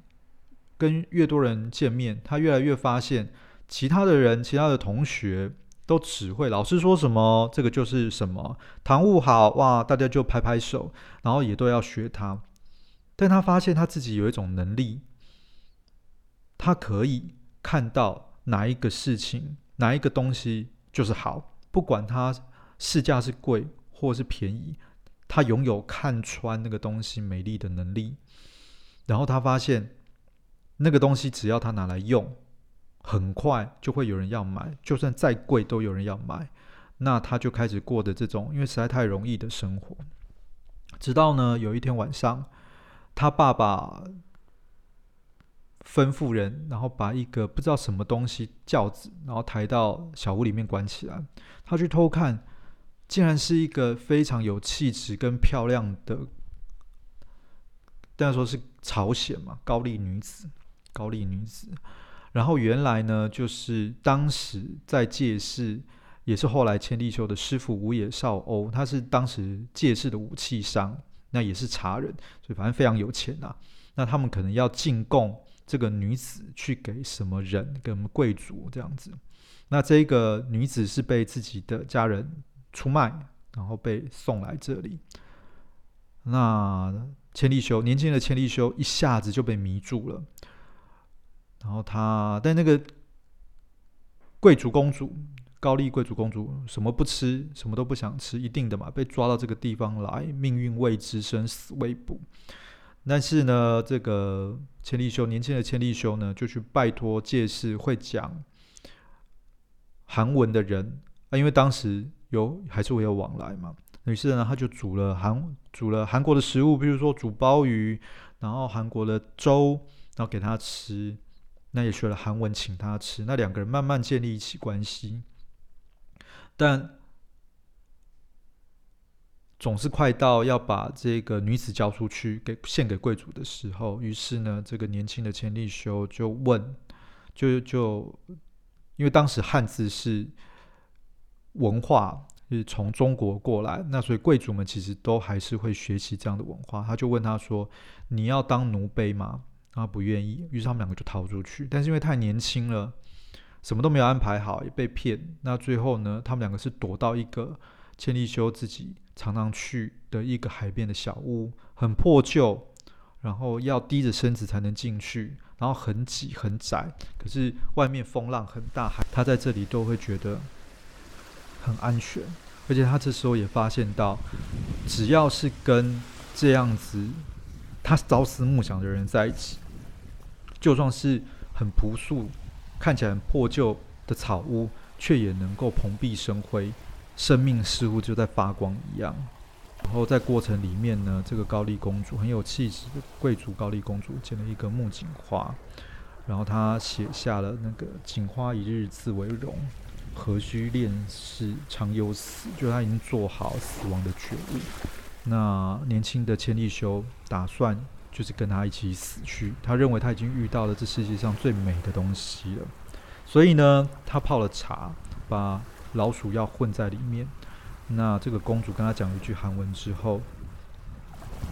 Speaker 1: 跟越多人見面，他越來越發現其他的人，其他的同學。都只會老是說什麼這個就是什麼唐物好哇，大家就拍拍手，然後也都要學他。但他發現他自己有一種能力，他可以看到哪一個事情、哪一個東西就是好，不管他市價是貴或是便宜，他擁有看穿那個東西美麗的能力。然後他發現那個東西只要他拿來用。很快就會有人要買，就算再貴都有人要買。那他就開始過的這種，因為實在太容易的生活。直到呢有一天晚上，他爸爸吩咐人，然後把一個不知道什麼東西轎子，然後抬到小屋裡面關起來。他去偷看，竟然是一個非常有氣質跟漂亮的，但是說是朝鮮嘛，高麗女子，高麗女子。然後原來呢，就是當時在借勢，也是後來千利休的師傅武野紹鷗，他是當時借勢的武器商，那也是茶人，所以反正非常有錢吶、啊。那他們可能要進貢這個女子去給什麼人，跟貴族這樣子。那這個女子是被自己的家人出賣，然後被送來這裡。那千利休，年輕的千利休一下子就被迷住了。然後他，但那個貴族公主，高麗貴族公主，什麼不吃，什麼都不想吃，一定的嘛，被抓到這個地方來，命運未知，生死未卜。但是呢，這個千利休，年輕的千利休呢，就去拜托借勢會講韓文的人，啊，因為當時有還是會有往來嘛。於是呢，他就煮了韓煮了韓國的食物，比如說煮鮑魚，然後韓國的粥，然後給他吃。那也學了漢文，請他吃。那兩個人慢慢建立一起關係，但總是快到要把這個女子交出去，給獻給貴族的時候。於是呢，這個年輕的千利休就問，就就因為當時漢字是文化、就是從中國過來，那所以貴族們其實都還是會學習這樣的文化。他就問他說：“你要當奴婢嗎？”他不願意，於是他們兩個就逃出去。但是因為太年輕了，什麼都沒有安排好，也被騙。那最後呢，他們兩個是躲到一個千利休自己常常去的一個海邊的小屋，很破舊，然後要低着身子才能進去，然後很擠很窄。可是外面風浪很大海，他在這裡都會覺得很安全。而且他這時候也發現到，只要是跟這樣子。他朝思暮想的人在一起，就算是很樸素、看起來很破舊的草屋，卻也能夠蓬蓽生輝，生命似乎就在發光一樣。然後在過程裡面呢，這個高麗公主很有氣質的貴族高麗公主撿了一個木槿花，然後她寫下了那個“槿花一日自為榮，何須戀世常憂死”。就她已經做好死亡的覺悟。那年輕的千利休打算就是跟他一起死去，他認為他已經遇到了這世界上最美的東西了，所以呢，他泡了茶，把老鼠藥混在裡面。那這個公主跟他講了一句韓文之後，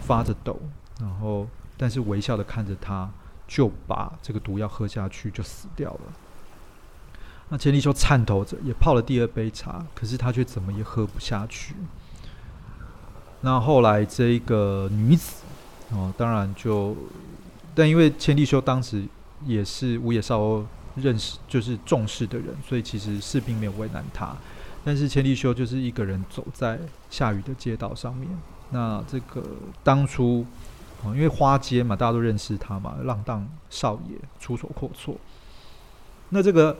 Speaker 1: 發着抖，然後但是微笑的看着他，就把這個毒藥喝下去，就死掉了。那千利休顫抖着也泡了第二杯茶，可是他卻怎麼也喝不下去。那後來這一個女子，哦，當然就，但因為千利休當時也是武野紹鷗認識，就是重視的人，所以其實是並沒有為難他。但是千利休就是一個人走在下雨的街道上面。那這個當初，啊、哦，因為花街嘛，大家都認識他嘛，浪蕩少爺，出手闊綽。那這個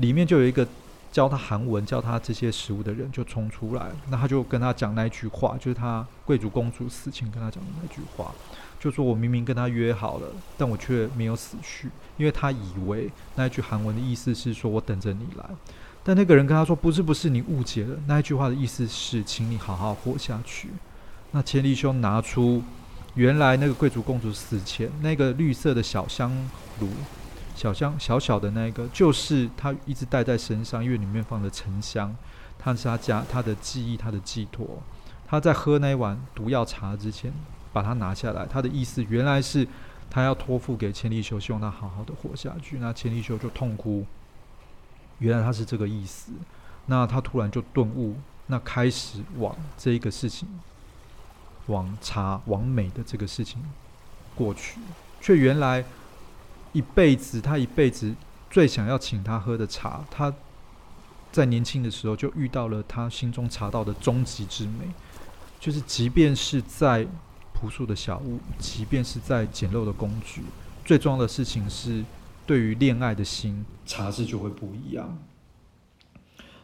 Speaker 1: 裡面就有一個。教他韓文，教他這些食物的人就衝出來了，那他就跟他講那一句話，就是他貴族公主死前跟他講的那句話，就說：“我明明跟他約好了，但我卻沒有死去，因為他以為那一句韓文的意思是說我等着你來。”但那個人跟他說：“不是，不是，你誤解了，那一句話的意思是，請你好好活下去。”那千利休拿出原來那個貴族公主死前那個綠色的小香爐。小香小小的那個，就是他一直帶在身上，因為裡面放着沉香，他是他家他的記憶，他的寄托。他在喝那一碗毒藥茶之前，把它拿下來。他的意思原來是他要托付給千利休，希望他好好的活下去。那千利休就痛哭，原來他是這個意思。那他突然就頓悟，那開始往這一個事情，往茶往美的這個事情過去，卻原來。一輩子，他一輩子最想要請他喝的茶，他在年輕的時候就遇到了他心中茶道的終極之美，就是即便是在樸素的小屋，即便是在簡陋的工具，最重要的事情是對於戀愛的心，茶事就會不一樣。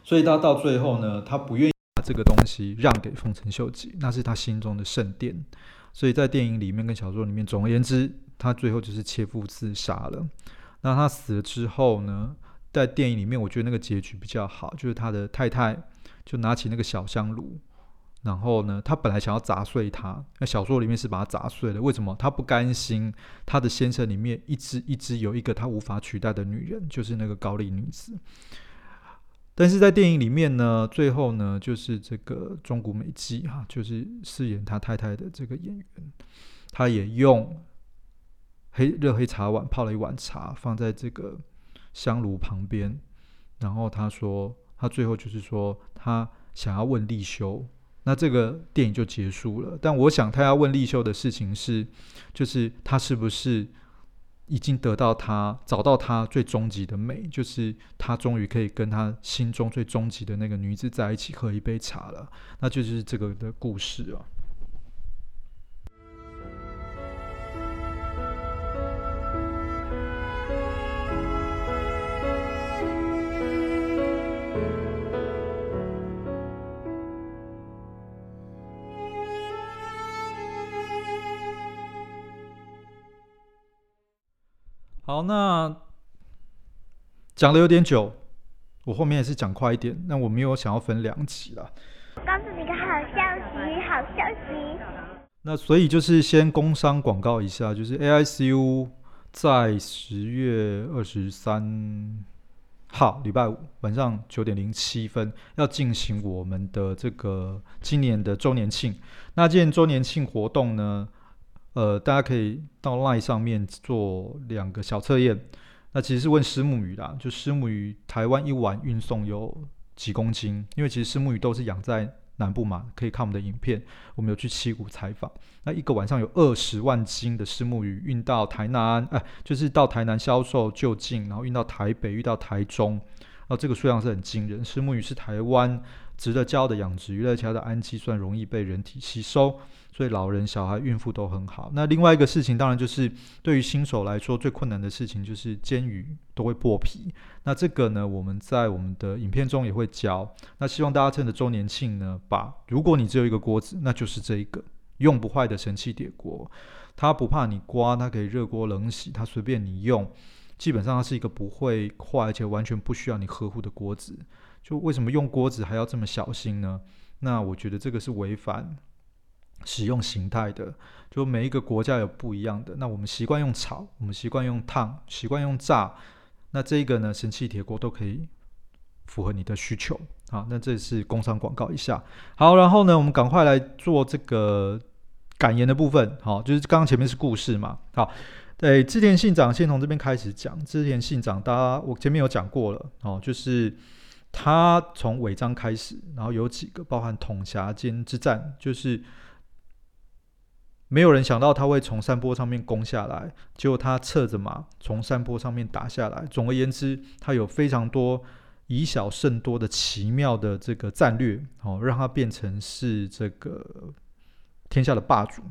Speaker 1: 所以他到，到最後呢，他不願意把這個東西讓給豐臣秀吉，那是他心中的聖殿。所以在電影裡面跟小說裡面，總而言之。他最後就是切腹自殺了。那他死了之後呢，在電影裡面，我覺得那個結局比較好，就是他的太太就拿起那個小香爐，然後呢，他本來想要砸碎它。那小說裡面是把它砸碎了，為什麼？他不甘心他的先生裡面一直一直有一個他無法取代的女人，就是那個高麗女子。但是在電影裡面呢，最後呢，就是這個中谷美紀哈，就是飾演他太太的這個演員，她也用。黑熱黑茶碗泡了一碗茶，放在這個香爐旁邊。然後他說，他最後就是說，他想要問利休。那這個電影就結束了。但我想，他要問利休的事情是，就是他是不是已經得到他，找到他最終極的美，就是他終於可以跟他心中最終極的那個女子在一起喝一杯茶了。那就是這個的故事啊。好，那講的有點久，我後面也是講快一點。那我沒有想要分兩集了。告訴你個好消息，好消息。那所以就是先工商廣告一下，就是 AICU 在十月二十三號禮拜五晚上九點零七分要進行我們的這個今年的周年慶。那今年周年慶活動呢？呃，大家可以到 line 上面做兩個小測驗。那其實是問虱目魚啦，就虱目魚台灣一晚運送有幾公斤？因為其實虱目魚都是養在南部嘛，可以看我們的影片，我們有去七股採訪。那一個晚上有二十萬斤的虱目魚運到台南，哎，就是到台南銷售就近，然後運到台北、運到台中。那這個數量是很驚人。虱目魚是台灣值得驕傲的養殖魚類，它的氨基酸容易被人體吸收。對老人、小孩、孕婦都很好。那另外一個事情，當然就是對於新手來說最困難的事情，就是煎魚都會破皮。那這個呢，我們在我們的影片中也會教。那希望大家趁着周年慶呢，把如果你只有一個鍋子，那就是這一個用不壞的神器鐵鍋。它不怕你刮，它可以熱鍋冷洗，它隨便你用。基本上它是一個不會壞，而且完全不需要你呵護的鍋子。就為什麼用鍋子還要這麼小心呢？那我覺得這個是違反。.使用形態的，就每一個國家有不一樣的。那我們習慣用炒，我們習慣用燙，習慣用炸。那這個呢，神器鐵鍋都可以符合你的需求。好，那這是工商廣告一下。好，然後呢，我們趕快來做這個感言的部分。好，就是剛剛前面是故事嘛。好，對，織田信長先從這邊開始講。織田信長，大家我前面有講過了哦，就是他從尾張開始，然後有幾個包含桶狹間之戰，就是。沒有人想到他會從山坡上面攻下來，結果他策着馬從山坡上面打下來。總而言之，他有非常多以小勝多的奇妙的這個戰略，哦，讓他變成是這個天下的霸主。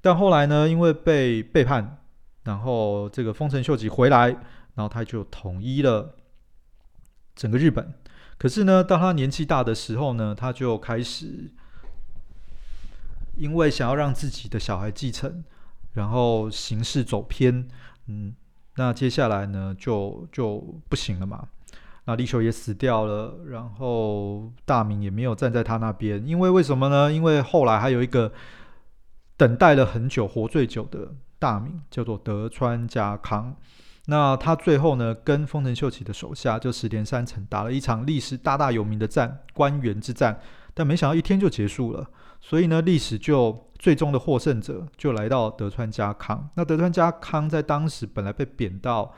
Speaker 1: 但後來呢，因為被背叛，然後這個豐臣秀吉回來，然後他就統一了整個日本。可是呢，當他年紀大的時候呢，他就開始。因為想要讓自己的小孩繼承，然後行事走偏，嗯，那接下來呢就就不行了嘛。那利休也死掉了，然後大名也沒有站在他那邊，因為為什麼呢？因為後來還有一個等待了很久、活最久的大名，叫做德川家康。那他最後呢，跟豐臣秀吉的手下就石田三成打了一場歷史大大有名的戰——關原之戰，但沒想到一天就結束了。所以呢，歷史就最終的獲勝者就來到德川家康。那德川家康在當時本來被貶到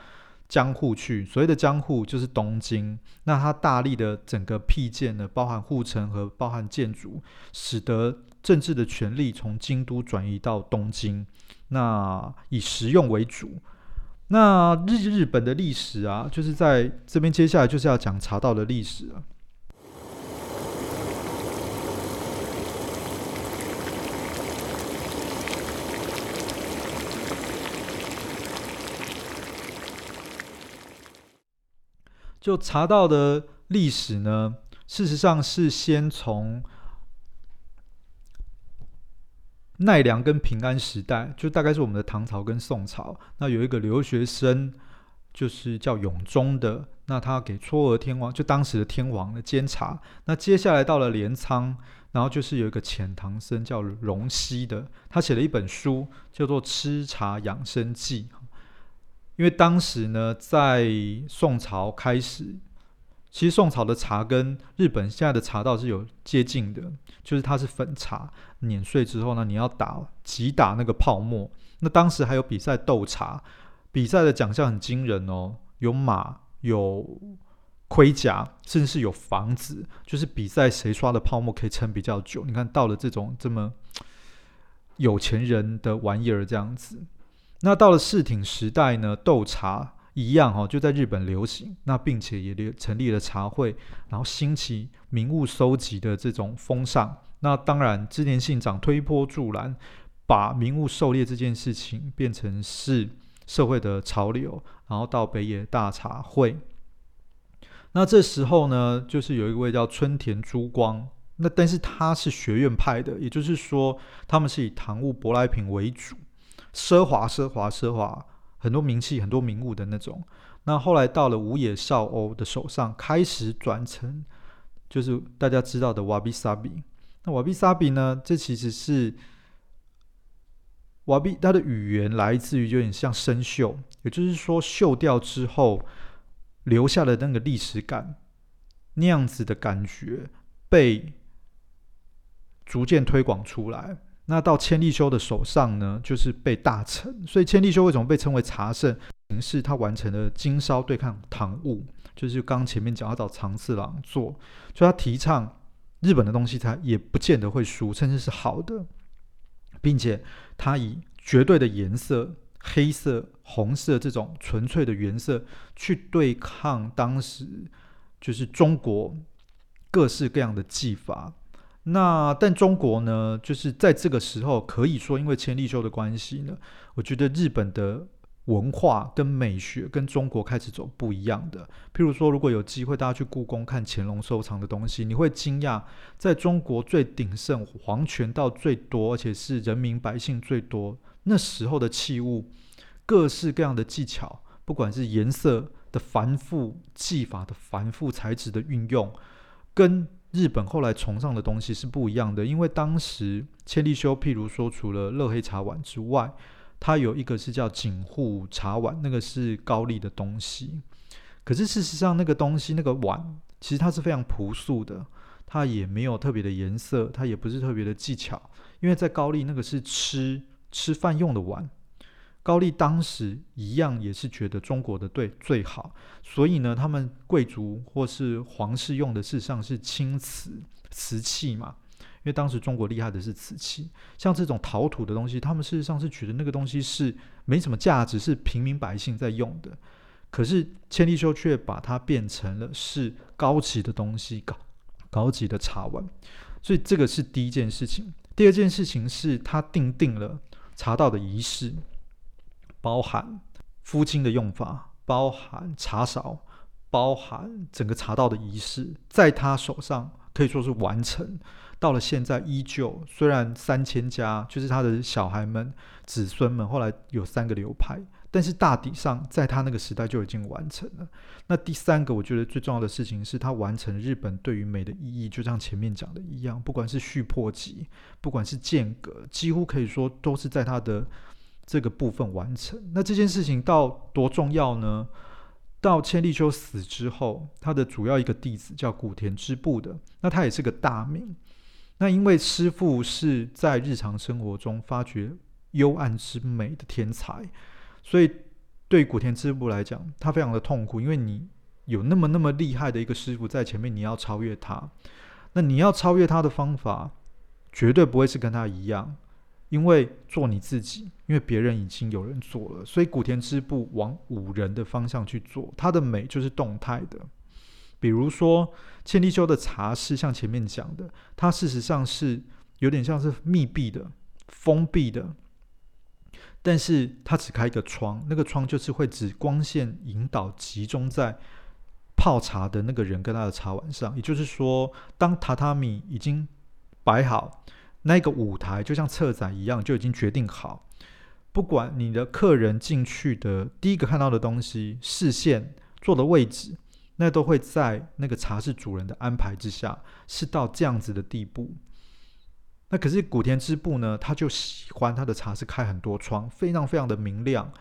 Speaker 1: 江戶去，所謂的江戶就是東京。那他大力的整個闢建呢，包含護城和包含建築，使得政治的權力從京都轉移到東京。那以實用為主。那日日本的歷史啊，就是在這邊接下來就是要講茶道的歷史了啊。就茶道的歷史呢，事實上是先從奈良跟平安時代，就大概是我們的唐朝跟宋朝。那有一個留學生，就是叫永忠的，那他給嵯峨天皇，就當時的天皇的煎茶。那接下來到了鎌倉，然後就是有一個遣唐僧叫榮西的，他寫了一本書，叫做《吃茶養生記》。因為當時呢，在宋朝開始，其實宋朝的茶跟日本現在的茶道是有接近的，就是它是粉茶，碾碎之後呢，你要打幾打那個泡沫。那當時還有比賽鬥茶，比賽的獎項很驚人哦，有馬，有盔甲，甚至是有房子，就是比賽誰刷的泡沫可以撐比較久。你看到了這種這麼有錢人的玩意兒，這樣子。那到了室町時代呢，鬥茶一樣哈、哦，就在日本流行。那並且也成立了茶會，然後興起名物收集的這種風尚。那當然，織田信長推波助瀾，把名物狩獵這件事情變成是社會的潮流。然後到北野大茶會。那這時候呢，就是有一位叫村田珠光，那但是他是學院派的，也就是說他們是以唐物舶來品為主。奢華、奢華、奢華，很多名器、很多名物的那種。那後來到了武野紹鷗的手上，開始轉成，就是大家知道的瓦比薩比。那瓦比薩比呢？這其實是瓦比，它的語言來自於有點像生鏽，也就是說鏽掉之後留下的那個歷史感，那樣子的感覺被逐漸推廣出來。那到千利休的手上呢，就是被大成，所以千利休為什麼被稱為茶聖？是他完成了京燒對抗唐物，就是剛前面講，要找長次郎做，就他提倡日本的東西，他也不見得會輸，甚至是好的，並且他以絕對的顏色，黑色、紅色這種純粹的顏色去對抗當時就是中國各式各樣的技法。那但中國呢，就是在這個時候，可以說因為千利休的關係呢，我覺得日本的文化跟美學跟中國開始走不一樣的。譬如說，如果有機會大家去故宮看乾隆收藏的東西，你會驚訝，在中國最鼎盛、皇權到最多，而且是人民百姓最多那時候的器物，各式各樣的技巧，不管是顏色的繁複、技法的繁複、材質的運用，跟。日本後來崇尚的東西是不一樣的，因為當時千利休，譬如說，除了樂黑茶碗之外，他有一個是叫井戶茶碗，那個是高麗的東西。可是事實上，那個東西那個碗其實它是非常樸素的，它也沒有特別的顏色，它也不是特別的技巧，因為在高麗那個是吃吃飯用的碗。高麗當時一樣也是覺得中國的對最好，所以呢，他們貴族或是皇室用的事實上是青瓷瓷器嘛，因為當時中國厲害的是瓷器，像這種陶土的東西，他們事實上是覺得那個東西是沒什麼價值，是平民百姓在用的。可是千利休卻把它變成了是高級的東西，高高級的茶碗，所以這個是第一件事情。第二件事情是他訂定了茶道的儀式。包含夫親的用法，包含茶勺，包含整個茶道的儀式，在他手上可以說是完成。到了現在，依舊雖然三千家就是他的小孩們、子孫們，後來有三個流派，但是大抵上在他那個時代就已經完成了。那第三個，我覺得最重要的事情是，他完成日本對於美的意義，就像前面講的一樣，不管是序破急，不管是間隔，幾乎可以說都是在他的。這個部分完成，那這件事情到多重要呢？到千利休死之後，他的主要一個弟子叫古田織部的，那他也是個大名。那因為師父是在日常生活中發掘幽暗之美的天才，所以對古田織部來講，他非常的痛苦，因為你有那麼那麼厲害的一個師父在前面，你要超越他，那你要超越他的方法，絕對不會是跟他一樣。因為做你自己，因為別人已經有人做了，所以古田織部往無人的方向去做。它的美就是動態的，比如說千利休的茶室像前面講的，它事實上是有點像是密閉的、封閉的，但是它只開一個窗，那個窗就是會指光線引導集中在泡茶的那個人跟他的茶碗上。也就是說，當榻榻米已經擺好。那個舞台就像策展一樣，就已經決定好，不管你的客人進去的第一個看到的東西、視線坐的位置，那都會在那個茶室主人的安排之下，是到這樣子的地步。那可是古田織部呢，他就喜歡他的茶室開很多窗，非常非常的明亮。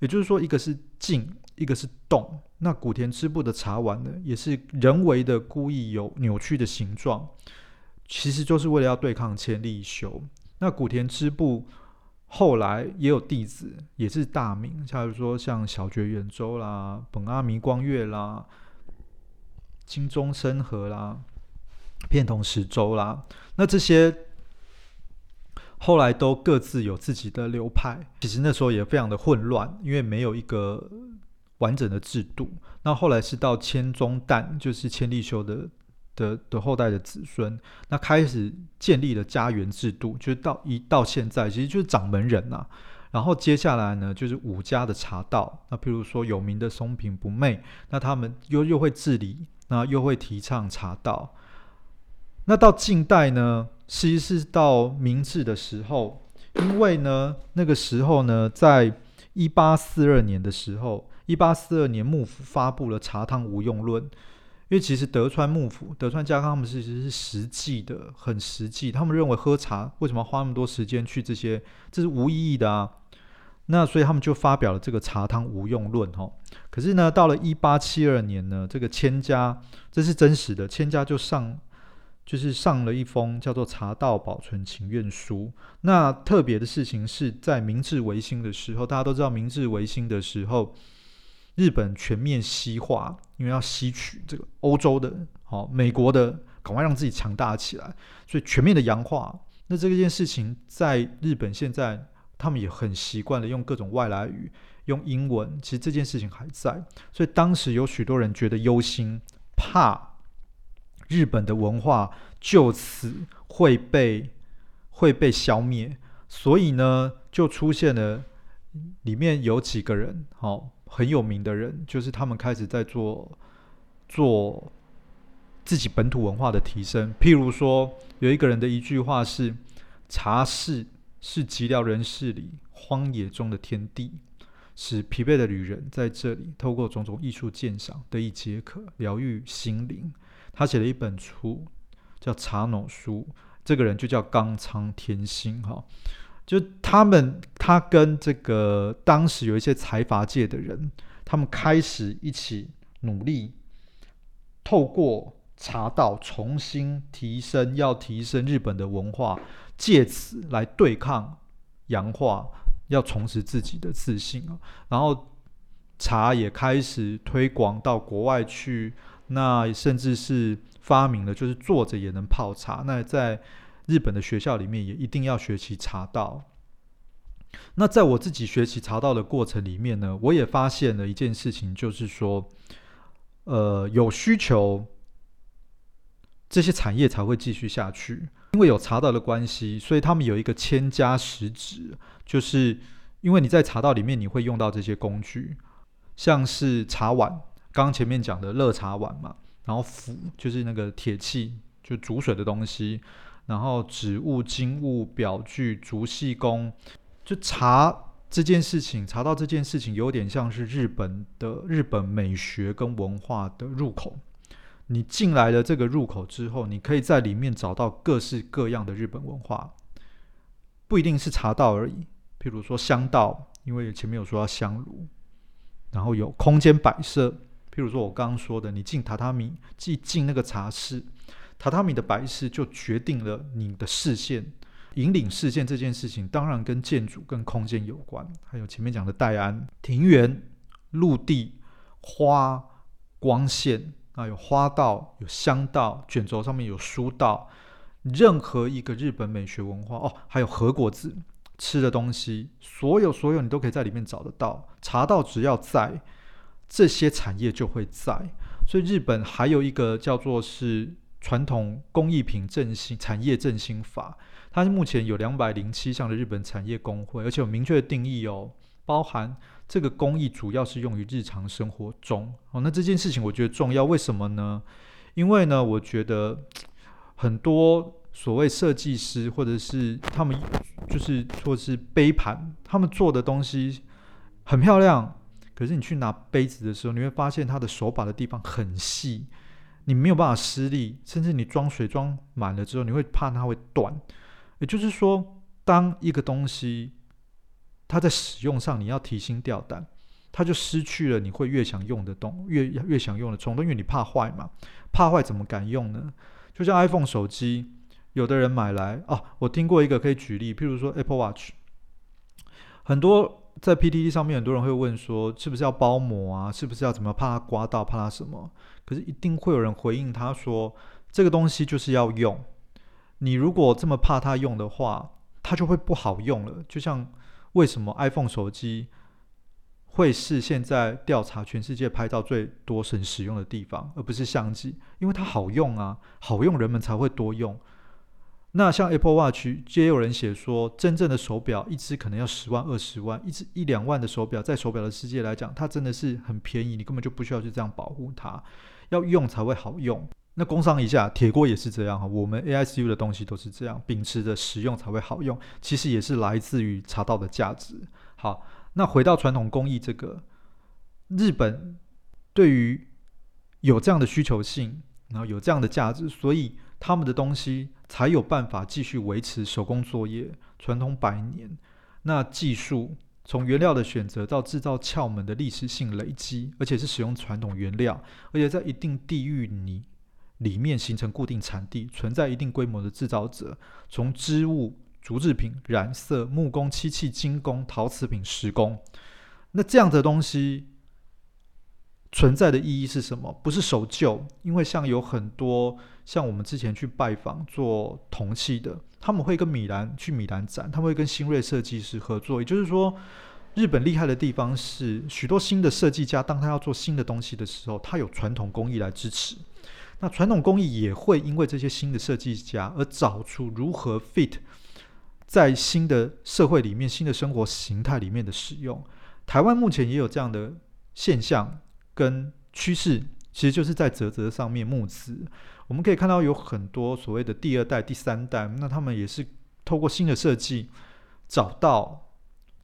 Speaker 1: 也就是說，一個是靜，一個是動。那古田織部的茶碗呢，也是人為的故意有扭曲的形狀。其實就是為了要對抗千利休。那古田織部後來也有弟子，也是大名，假如說像小堀遠州啦、本阿彌光悅啦、金森宗和啦、片桐石州啦。那這些後來都各自有自己的流派。其實那時候也非常的混亂，因為沒有一個完整的制度。那後來是到千宗旦，就是千利休的。的的後代的子孫，那開始建立了家元制度，就到一到現在，其實就是掌門人吶、啊。然後接下來呢，就是武家的茶道。那譬如說有名的松平不昧，那他們又又會治理，那又會提倡茶道。那到近代呢，其實是到明治的時候，因為呢，那個時候呢，在一八四二年的時候，一八四二年幕府發布了茶湯無用論。因為其實德川幕府，德川家康他們其實是實際的，很實際的。他們認為喝茶為什麼花那麼多時間去這些，這是無意義的啊。那所以他們就發表了這個茶湯無用論，哦，哈。可是呢，到了一八七二年呢，這個千家，這是真實的，千家就上就是上了一封叫做《茶道保存請願書》。那特別的事情是在明治維新的時候，大家都知道，明治維新的時候，日本全面西化。因為要吸取這個歐洲的、好、哦、美國的，趕快讓自己強大起來，所以全面的洋化。那這件事情，在日本現在，他們也很習慣的用各種外來語，用英文。其實這件事情還在，所以當時有許多人覺得憂心，怕日本的文化就此會被會被消滅。所以呢，就出現了裡面有幾個人好。哦很有名的人，就是他們開始在做做自己本土文化的提升。譬如說，有一個人的一句話是：“茶室是寂寥人世裡荒野中的天地，使疲憊的旅人在這裡透過種種藝術鑑賞得以解渴、療癒心靈。”他寫了一本書叫《茶農書》，這個人就叫岡倉天心。哈。就他們，他跟這個當時有一些財閥界的人，他們開始一起努力，透過茶道重新提升，要提升日本的文化，借此來對抗洋化，要重拾自己的自信。然後茶也開始推廣到國外去，那甚至是發明了，就是坐着也能泡茶。那在。日本的學校裡面也一定要學習茶道。那在我自己學習茶道的過程裡面呢，我也發現了一件事情，就是說，呃，有需求，這些產業才會繼續下去。因為有茶道的關係，所以他們有一個千家十職，就是因為你在茶道裡面，你會用到這些工具，像是茶碗，剛剛前面講的樂茶碗嘛，然後釜就是那個鐵器，就煮水的東西。然後指物、金物、表具、竹細工，就茶這件事情，茶道這件事情有點像是日本的日本美學跟文化的入口。你進來了這個入口之後，你可以在裡面找到各式各樣的日本文化，不一定是茶道而已。譬如說香道，因為前面有說到香爐，然後有空間擺設。譬如說我剛剛說的，你進榻榻米，即進那個茶室。榻榻米的白事就決定了你的視線，引領視線這件事情，當然跟建築、跟空間有關。還有前面講的戴安庭園、陸地、花、光線啊，有花道、有香道、卷軸上面有書道，任何一個日本美學文化哦，還有和菓子吃的東西，所有所有你都可以在裡面找得到。茶道只要在，這些產業就會在。所以日本還有一個叫做是。傳統工藝品振興產業振興法，它目前有兩百零七項的日本產業工會，而且有明確的定義哦，包含這個工藝主要是用於日常生活中哦。那這件事情我覺得重要，為什麼呢？因為呢，我覺得很多所謂設計師或者是他們就是說是杯盤，他們做的東西很漂亮，可是你去拿杯子的時候，你會發現他的手把的地方很細。你沒有辦法施力，甚至你裝水裝滿了之後，你會怕它會斷。也就是說，當一個東西它在使用上你要提心吊膽，它就失去了。你會越想用的東，越越想用的衝動，因為你怕壞嘛，怕壞怎麼敢用呢？就像 iPhone 手機，有的人買來哦，我聽過一個可以舉例，譬如說 Apple Watch，很多。在 PTT 上面，很多人會問說，是不是要包膜啊？是不是要怎麼怕它刮到，怕它什麼？可是一定會有人回應他說，這個東西就是要用。你如果這麼怕它用的話，它就會不好用了。就像為什麼 iPhone 手機會是現在調查全世界拍照最多人使用的地方，而不是相機，因為它好用啊，好用人們才會多用。那像 Apple Watch，皆有人寫說，真正的手錶一隻可能要十萬、二十萬，一隻一兩萬的手錶，在手錶的世界來講，它真的是很便宜，你根本就不需要去這樣保護它，要用才會好用。那工商一下，鐵鍋也是這樣哈，我們 AICU 的東西都是這樣，秉持着使用才會好用，其實也是來自於茶道的價值。好，那回到傳統工藝這個，日本對於有這樣的需求性，然後有這樣的價值，所以。他們的東西才有辦法繼續維持手工作業、傳統百年。那技術從原料的選擇到制造竅門的歷史性累積，而且是使用傳統原料，而且在一定地域裡裡面形成固定產地，存在一定規模的制造者。從織物、竹製品、染色、木工、漆器、金工、陶瓷品、施工，那這樣的東西。存在的意義是什麼？不是守舊，因為像有很多像我們之前去拜訪做銅器的，他們會跟米蘭去米蘭展，他們會跟新銳設計師合作。也就是說，日本厲害的地方是，許多新的設計家，當他要做新的東西的時候，他有傳統工藝來支持。那傳統工藝也會因為這些新的設計家而找出如何 fit 在新的社會裡面、新的生活形態裡面的使用。台灣目前也有這樣的現象。跟趨勢其實就是在折折上面木質，我們可以看到有很多所謂的第二代、第三代，那他們也是透過新的設計，找到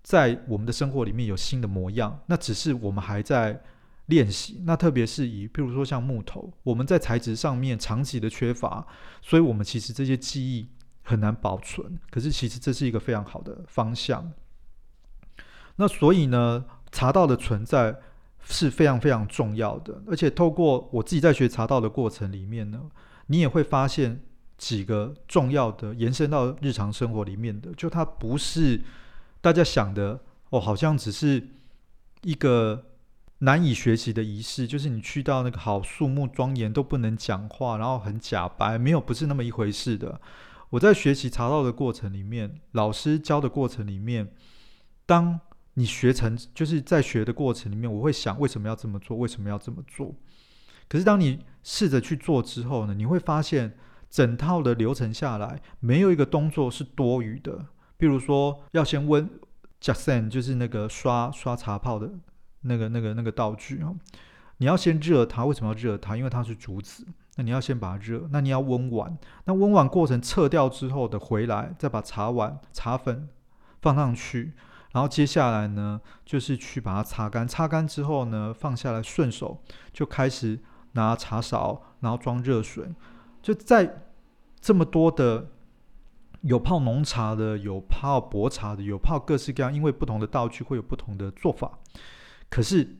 Speaker 1: 在我們的生活裡面有新的模樣。那只是我們還在練習。那特別是以，譬如說像木頭，我們在材質上面長期的缺乏，所以我們其實這些記憶很難保存。可是其實這是一個非常好的方向。那所以呢，茶道的存在。是非常非常重要的，而且透過我自己在學茶道的過程裡面呢，你也會發現幾個重要的延伸到日常生活裡面的，就它不是大家想的哦，好像只是一個難以學習的儀式，就是你去到那個好肅穆莊嚴都不能講話，然後很假掰，沒有，不是那麼一回事的。我在學習茶道的過程裡面，老師教的過程裡面，當你學成就是在學的過程裡面，我會想為什麼要這麼做，為什麼要這麼做？可是當你試着去做之後呢，你會發現整套的流程下來沒有一個動作是多餘的。比如說要先溫茶筅，就是那個刷刷茶泡的那個那個那個道具啊，你要先熱它。為什麼要熱它？因為它是竹子，那你要先把它熱。那你要溫碗，那溫碗過程撤掉之後的回來，再把茶碗茶粉放上去。然後接下來呢，就是去把它擦乾。擦乾之後呢，放下來順手，就開始拿茶勺，然後裝熱水。就在這麼多的有泡濃茶的，有泡薄茶的，有泡各式各樣，因為不同的道具會有不同的做法。可是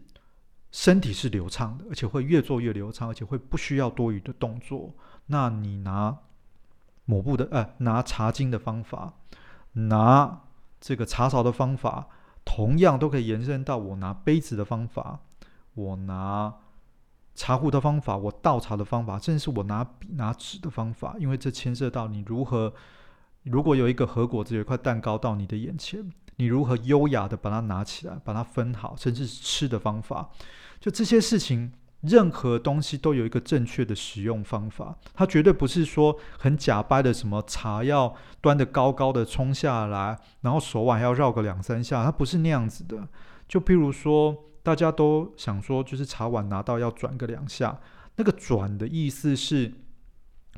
Speaker 1: 身體是流暢的，而且會越做越流暢，而且會不需要多餘的動作。那你拿抹布的，呃、哎，拿茶巾的方法，拿。這個茶勺的方法，同樣都可以延伸到我拿杯子的方法，我拿茶壺的方法，我倒茶的方法，甚至是我拿筆拿紙的方法，因為這牽涉到你如何，如果有一個和果子、有一塊蛋糕到你的眼前，你如何優雅的把它拿起來，把它分好，甚至吃的方法，就這些事情。任何東西都有一個正確的使用方法，它絕對不是說很假掰的。什麼茶要端得高高的沖下來，然後手腕要繞個兩三下，它不是那樣子的。就譬如說，大家都想說，就是茶碗拿到要轉個兩下，那個轉的意思是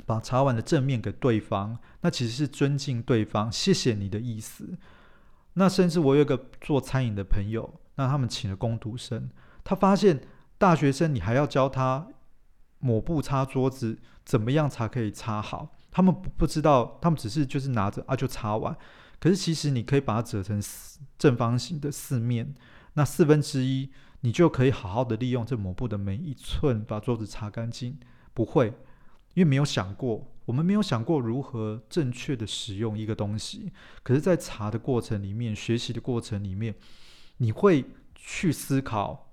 Speaker 1: 把茶碗的正面給對方，那其實是尊敬對方，謝謝你的意思。那甚至我有一個做餐飲的朋友，那他們請了工讀生，他發現。大學生，你還要教他抹布擦桌子，怎麼樣才可以擦好？他們不不知道，他們只是就是拿着啊就擦完。可是其實你可以把它折成四正方形的四面，那四分之一，你就可以好好的利用這抹布的每一寸，把桌子擦乾淨。不會，因為沒有想過，我們沒有想過如何正確的使用一個東西。可是，在擦的過程裡面，學習的過程裡面，你會去思考。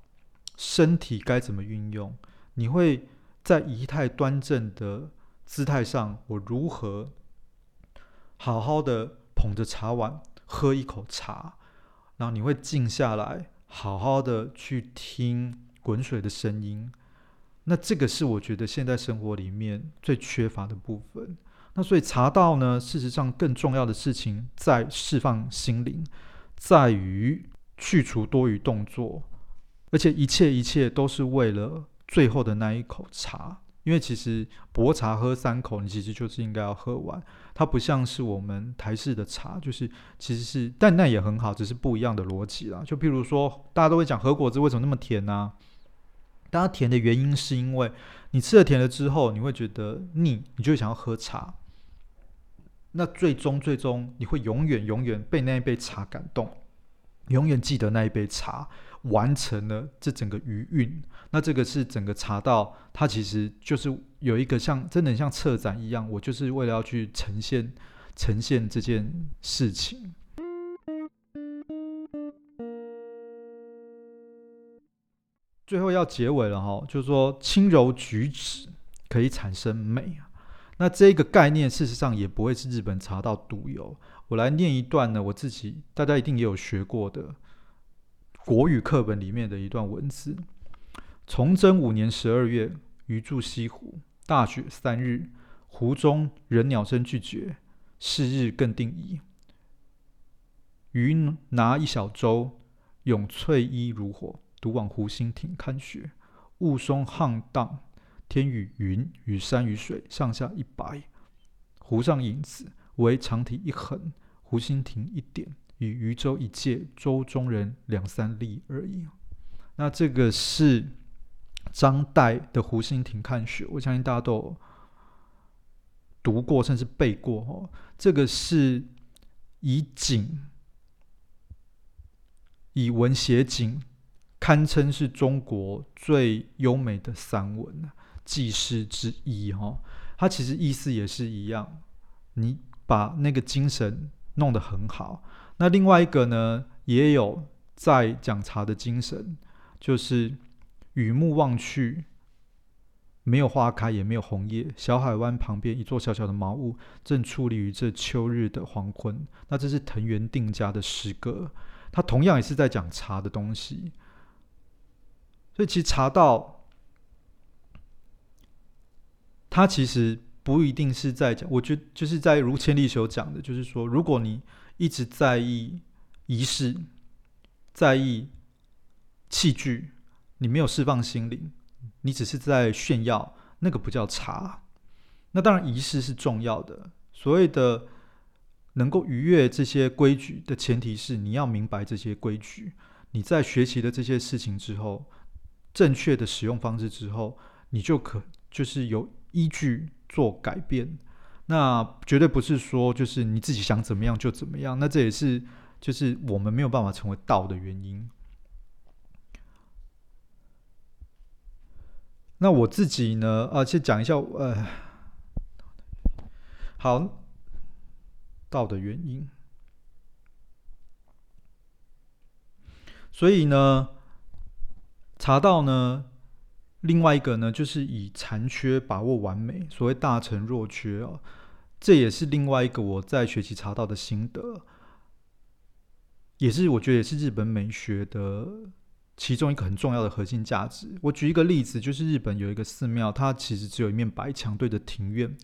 Speaker 1: 身體該怎麼運用？你會在儀態端正的姿態上，我如何好好的捧着茶碗喝一口茶？然後你會靜下來，好好的去聽滾水的聲音。那這個是我覺得現在生活裡面最缺乏的部分。那所以茶道呢，事實上更重要的事情在釋放心靈，在於去除多餘動作。而且一切一切都是為了最後的那一口茶，因為其實薄茶喝三口，你其實就是應該要喝完。它不像是我們台式的茶，就是其實是，但那也很好，只是不一樣的邏輯啦。就譬如說，大家都會講和菓子為什麼那麼甜啊，但它甜的原因是因為你吃了甜了之後，你會覺得膩，你就想要喝茶。那最終最終，你會永遠永遠被那一杯茶感動，永遠記得那一杯茶。完成了這整個餘韻，那這個是整個茶道，它其實就是有一個像真的像策展一樣，我就是為了要去呈現呈現這件事情。最後要結尾了哈，就是說輕柔舉止可以產生美，那這個概念事實上也不會是日本茶道獨有，我來念一段呢，我自己大家一定也有學過的。《國語課本裡面的一段文字：崇禎五年十二月，余住西湖。大雪三日，湖中人鳥聲俱絕。是日更定矣，余拿一小舟，擁毳衣如火，獨往湖心亭看雪。霧凇沆砀，天與雲與山與水，上下一白。湖上影子，惟長堤一痕，湖心亭一點。與余舟一芥，舟中人兩三粒而已。那這個是張岱的《湖心亭看雪》，我相信大家都讀過，甚至背過。哦，這個是以景、以文寫景，堪稱是中國最優美的散文記事之一。哦，它其實意思也是一樣，你把那個精神弄得很好。那另外一個呢，也有在講茶的精神，就是雨幕望去，沒有花開，也沒有紅葉。小海灣旁邊一座小小的茅屋，正矗立於這秋日的黃昏。那這是藤原定家的詩歌，他同樣也是在講茶的東西。所以其實茶道，它其實不一定是在講，我覺得就是在如千利休所講的，就是說如果你。一直在意儀式，在意器具，你沒有釋放心靈，你只是在炫耀，那個不叫茶。那當然儀式是重要的，所謂的能夠逾越這些規矩的前提是你要明白這些規矩。你在學習了這些事情之後，正確的使用方式之後，你就可就是有依據做改變。那絕對不是說就是你自己想怎麼樣就怎麼樣。那這也是就是我們沒有辦法成為道的原因。那我自己呢，啊，先講一下，呃，好，道的原因。所以呢，茶道呢，另外一個呢，就是以殘缺把握完美，所謂大成若缺哦。這也是另外一個我在學習茶道的心得，也是我覺得也是日本美學的其中一個很重要的核心價值。我舉一個例子，就是日本有一個寺廟，它其實只有一面白牆對着庭院，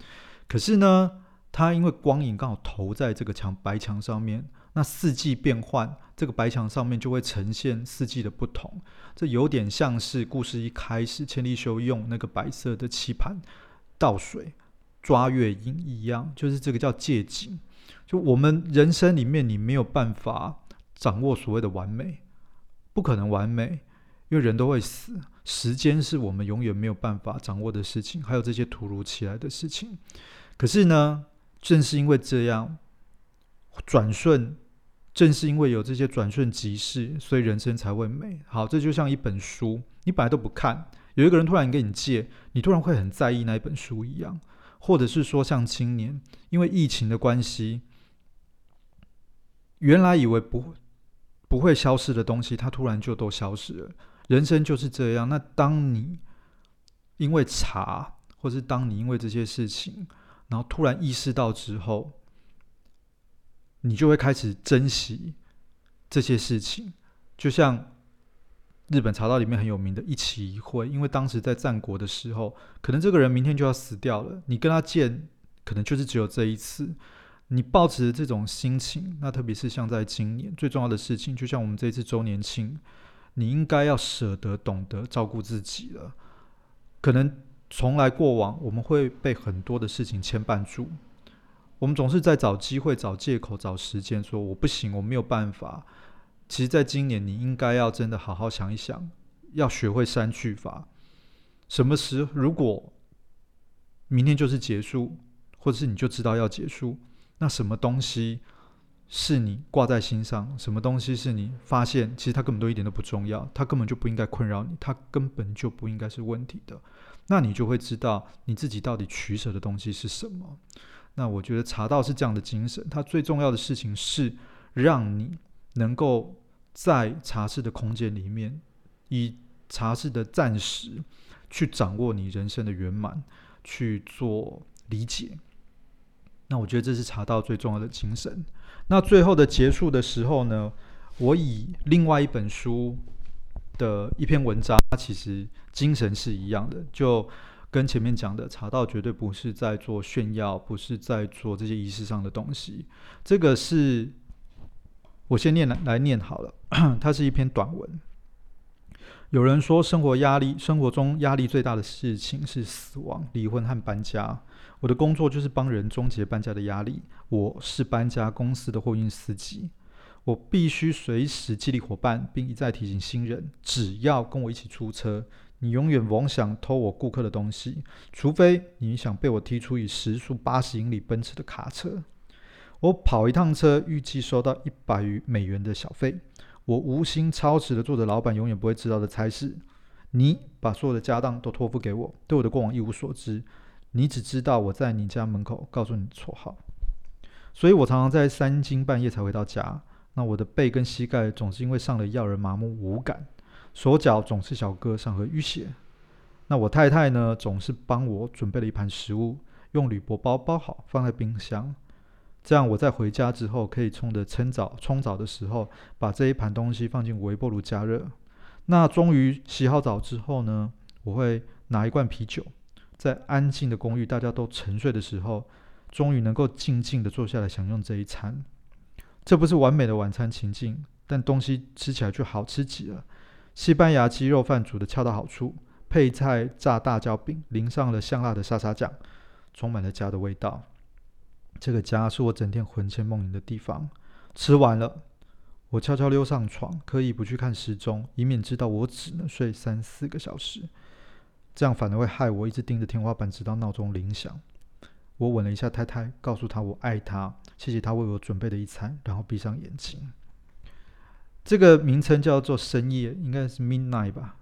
Speaker 1: 可是呢，它因為光影剛好投在這個牆白牆上面，那四季變換，這個白牆上面就會呈現四季的不同。這有點像是故事一開始千利休用那個白色的漆盤倒水，抓月影一樣，就是這個叫借景。就我們人生裡面，你沒有辦法掌握所謂的完美，不可能完美，因為人都會死。時間是我們永遠沒有辦法掌握的事情，還有這些突如其來的事情。可是呢，正是因為這樣，轉瞬正是因為有這些轉瞬即逝，所以人生才會美好。這就像一本書，你本來都不看，有一個人突然給你借，你突然會很在意那一本書一樣。或者是說，像今年，因為疫情的關係，原來以為不不會消失的東西，它突然就都消失了。人生就是這樣。那當你因為茶，或是當你因為這些事情，然後突然意識到之後，你就會開始珍惜這些事情，就像。日本茶道裡面很有名的一期一會。因為當時在戰國的時候，可能這個人明天就要死掉了，你跟他見，可能就是只有這一次。你抱持這種心情，那特別是像在今年最重要的事情，就像我們這一次周年慶，你應該要捨得懂得照顧自己了。可能從來過往，我們會被很多的事情牽絆住，我們總是在找機會、找借口、找時間，說我不行，我沒有辦法。其實，在今年，你應該要真的好好想一想，要學會刪去法。什麼時，如果明天就是結束，或者是你就知道要結束，那什麼東西是你掛在心上？什麼東西是你發現，其實它根本都一點都不重要，它根本就不應該困擾你，它根本就不應該是問題的。那你就會知道你自己到底取捨的東西是什麼。那我覺得茶道是這樣的精神，它最重要的事情是讓你。能夠在茶室的空間裡面，以茶室的暫時去掌握你人生的圓滿去做理解。那我覺得這是茶道最重要的精神。那最後的結束的時候呢，我以另外一本書的一篇文章，它其實精神是一樣的，就跟前面講的，茶道絕對不是在做炫耀，不是在做這些儀式上的東西。這個是。我先念來來念好了，它是一篇短文。有人說，生活壓力，生活中壓力最大的事情是死亡、離婚和搬家。我的工作就是幫人終結搬家的壓力。我是搬家公司的貨運司機，我必須隨時激勵夥伴，並一再提醒新人：只要跟我一起出車，你永遠甭想偷我顧客的東西，除非你想被我踢出以時速八十英里奔馳的卡車。我跑一趟車，預計收到一百餘美元的小費。我無心操持的做着老板永遠不會知道的差事。你把所有的家當都托付給我，對我的過往一無所知，你只知道我在你家門口告訴你的綽號。所以我常常在三更半夜才回到家。那我的背跟膝蓋總是因為上了藥而麻木無感，手腳總是小割傷和淤血。那我太太呢，總是幫我準備了一盤食物，用鋁箔包包好，放在冰箱。這樣我在回家之後，可以沖的趁早沖澡的時候，把這一盤東西放進微波爐加熱。那終於洗好澡之後呢，我會拿一罐啤酒，在安靜的公寓，大家都沉睡的時候，終於能夠靜靜地坐下來享用這一餐。這不是完美的晚餐情境，但東西吃起來就好吃極了。西班牙雞肉飯煮得恰到好處，配菜炸大椒餅，淋上了香辣的沙沙醬，充滿了家的味道。這個家是我整天魂牽夢縈的地方。吃完了，我悄悄溜上床，可以不去看時鐘，以免知道我只能睡三四個小時。這樣反而會害我一直盯着天花板，直到鬧鐘鈴響。我吻了一下太太，告訴她我愛她，謝謝她為我準備的一餐，然後閉上眼睛。這個名稱叫做深夜，應該是 midnight 吧？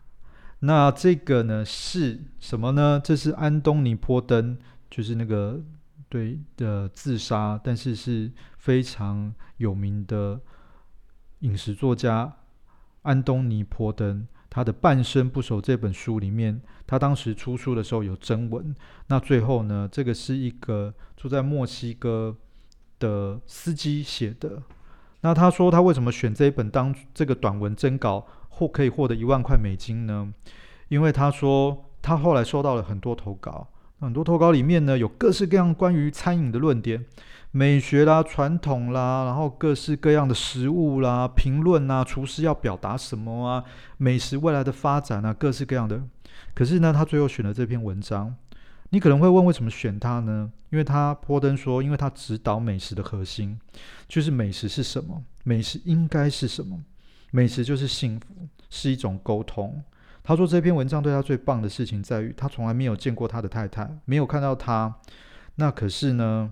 Speaker 1: 那這個呢是什麼呢？這是安東尼·波登，就是那個。對的、呃，自殺，但是是非常有名的飲食作家安東尼·坡登，他的《半生不熟》這本書裡面，他當時出書的時候有徵文。那最後呢，這個是一個住在墨西哥的司機寫的。那他說他為什麼選這一本當這個短文徵稿，或可以獲得一萬塊美金呢？因為他說他後來收到了很多投稿。很多投稿裡面呢，有各式各樣關於餐飲的論點，美學啦、傳統啦，然後各式各樣的食物啦、評論啦。廚師要表達什麼啊、美食未來的發展啊，各式各樣的。可是呢，他最後選了這篇文章。你可能會問，為什麼選他呢？因為他波登說，因為他指導美食的核心就是美食是什麼，美食應該是什麼，美食就是幸福，是一種溝通。他說：“這篇文章對他最棒的事情在於，他從來沒有見過他的太太，沒有看到他。那可是呢，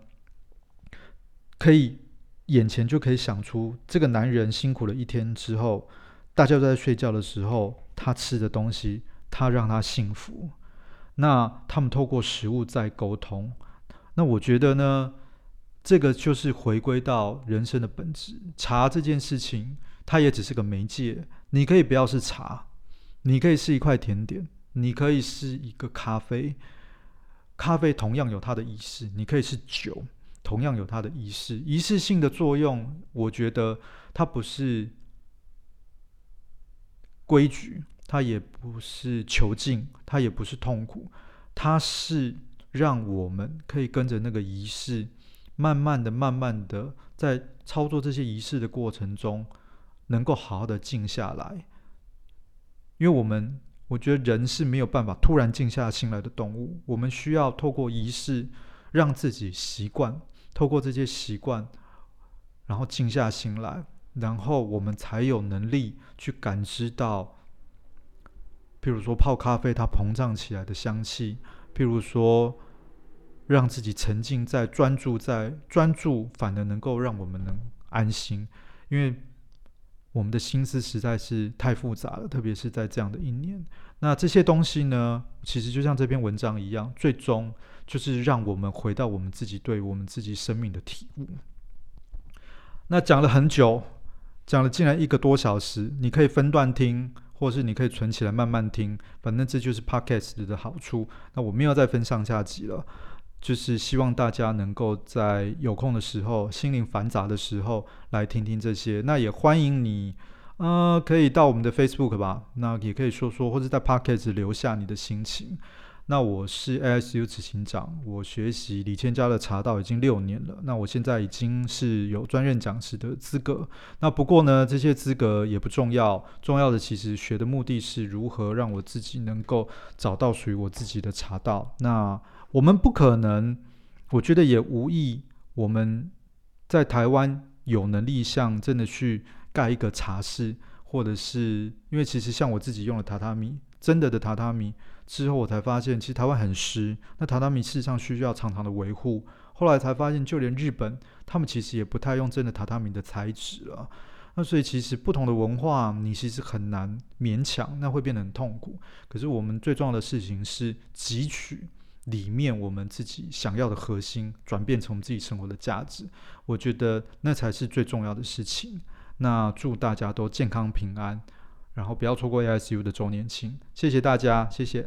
Speaker 1: 可以眼前就可以想出這個男人辛苦了一天之後，大家都在睡覺的時候，他吃的東西，他讓他幸福。那他們透過食物在溝通。那我覺得呢，這個就是回歸到人生的本質。茶這件事情，它也只是個媒介，你可以不要是茶。”你可以是一塊甜點，你可以是一個咖啡，咖啡同樣有它的儀式；你可以是酒，同樣有它的儀式。儀式性的作用，我覺得它不是規矩，它也不是囚禁，它也不是痛苦，它是讓我們可以跟着那個儀式，慢慢的、慢慢的，在操作這些儀式的過程中，能夠好好的靜下來。因為我們，我覺得人是沒有辦法突然靜下心來的動物。我們需要透過儀式，讓自己習慣；透過這些習慣，然後靜下心來，然後我們才有能力去感知到，譬如說泡咖啡它膨脹起來的香氣，譬如說讓自己沉浸在專注在，在專注反而能夠讓我們能安心，因為。我們的心思實在是太複雜了，特別是在這樣的一年。那這些東西呢，其實就像這篇文章一樣，最終就是讓我們回到我們自己對我們自己生命的體悟。那講了很久，講了竟然一個多小時，你可以分段聽，或是你可以存起來慢慢聽，反正這就是 podcast 的好處。那我沒有再分上下集了。就是希望大家能夠在有空的時候、心靈繁雜的時候來聽聽這些。那也歡迎你，呃，可以到我們的 Facebook 吧。那也可以說說，或者在 Podcast 留下你的心情。那我是 AICU 執行長，我學習裏千家的茶道已經六年了。那我現在已經是有專任講師的資格。那不過呢，這些資格也不重要，重要的其實學的目的是如何讓我自己能夠找到屬於我自己的茶道。那。我們不可能，我覺得也無意，我們在台灣有能力像真的去蓋一個茶室，或者是因為其實像我自己用了榻榻米，真的的榻榻米之後，我才發現其實台灣很濕，那榻榻米事實上需要常常的維護。後來才發現，就連日本他們其實也不太用真的榻榻米的材質了。那所以其實不同的文化，你其實很難勉強，那會變得很痛苦。可是我們最重要的事情是汲取裡面我們自己想要的核心轉變成我們自己生活的價值，我覺得那才是最重要的事情。那祝大家都健康平安，然後不要錯過 AICU 的週年慶。謝謝大家，謝謝。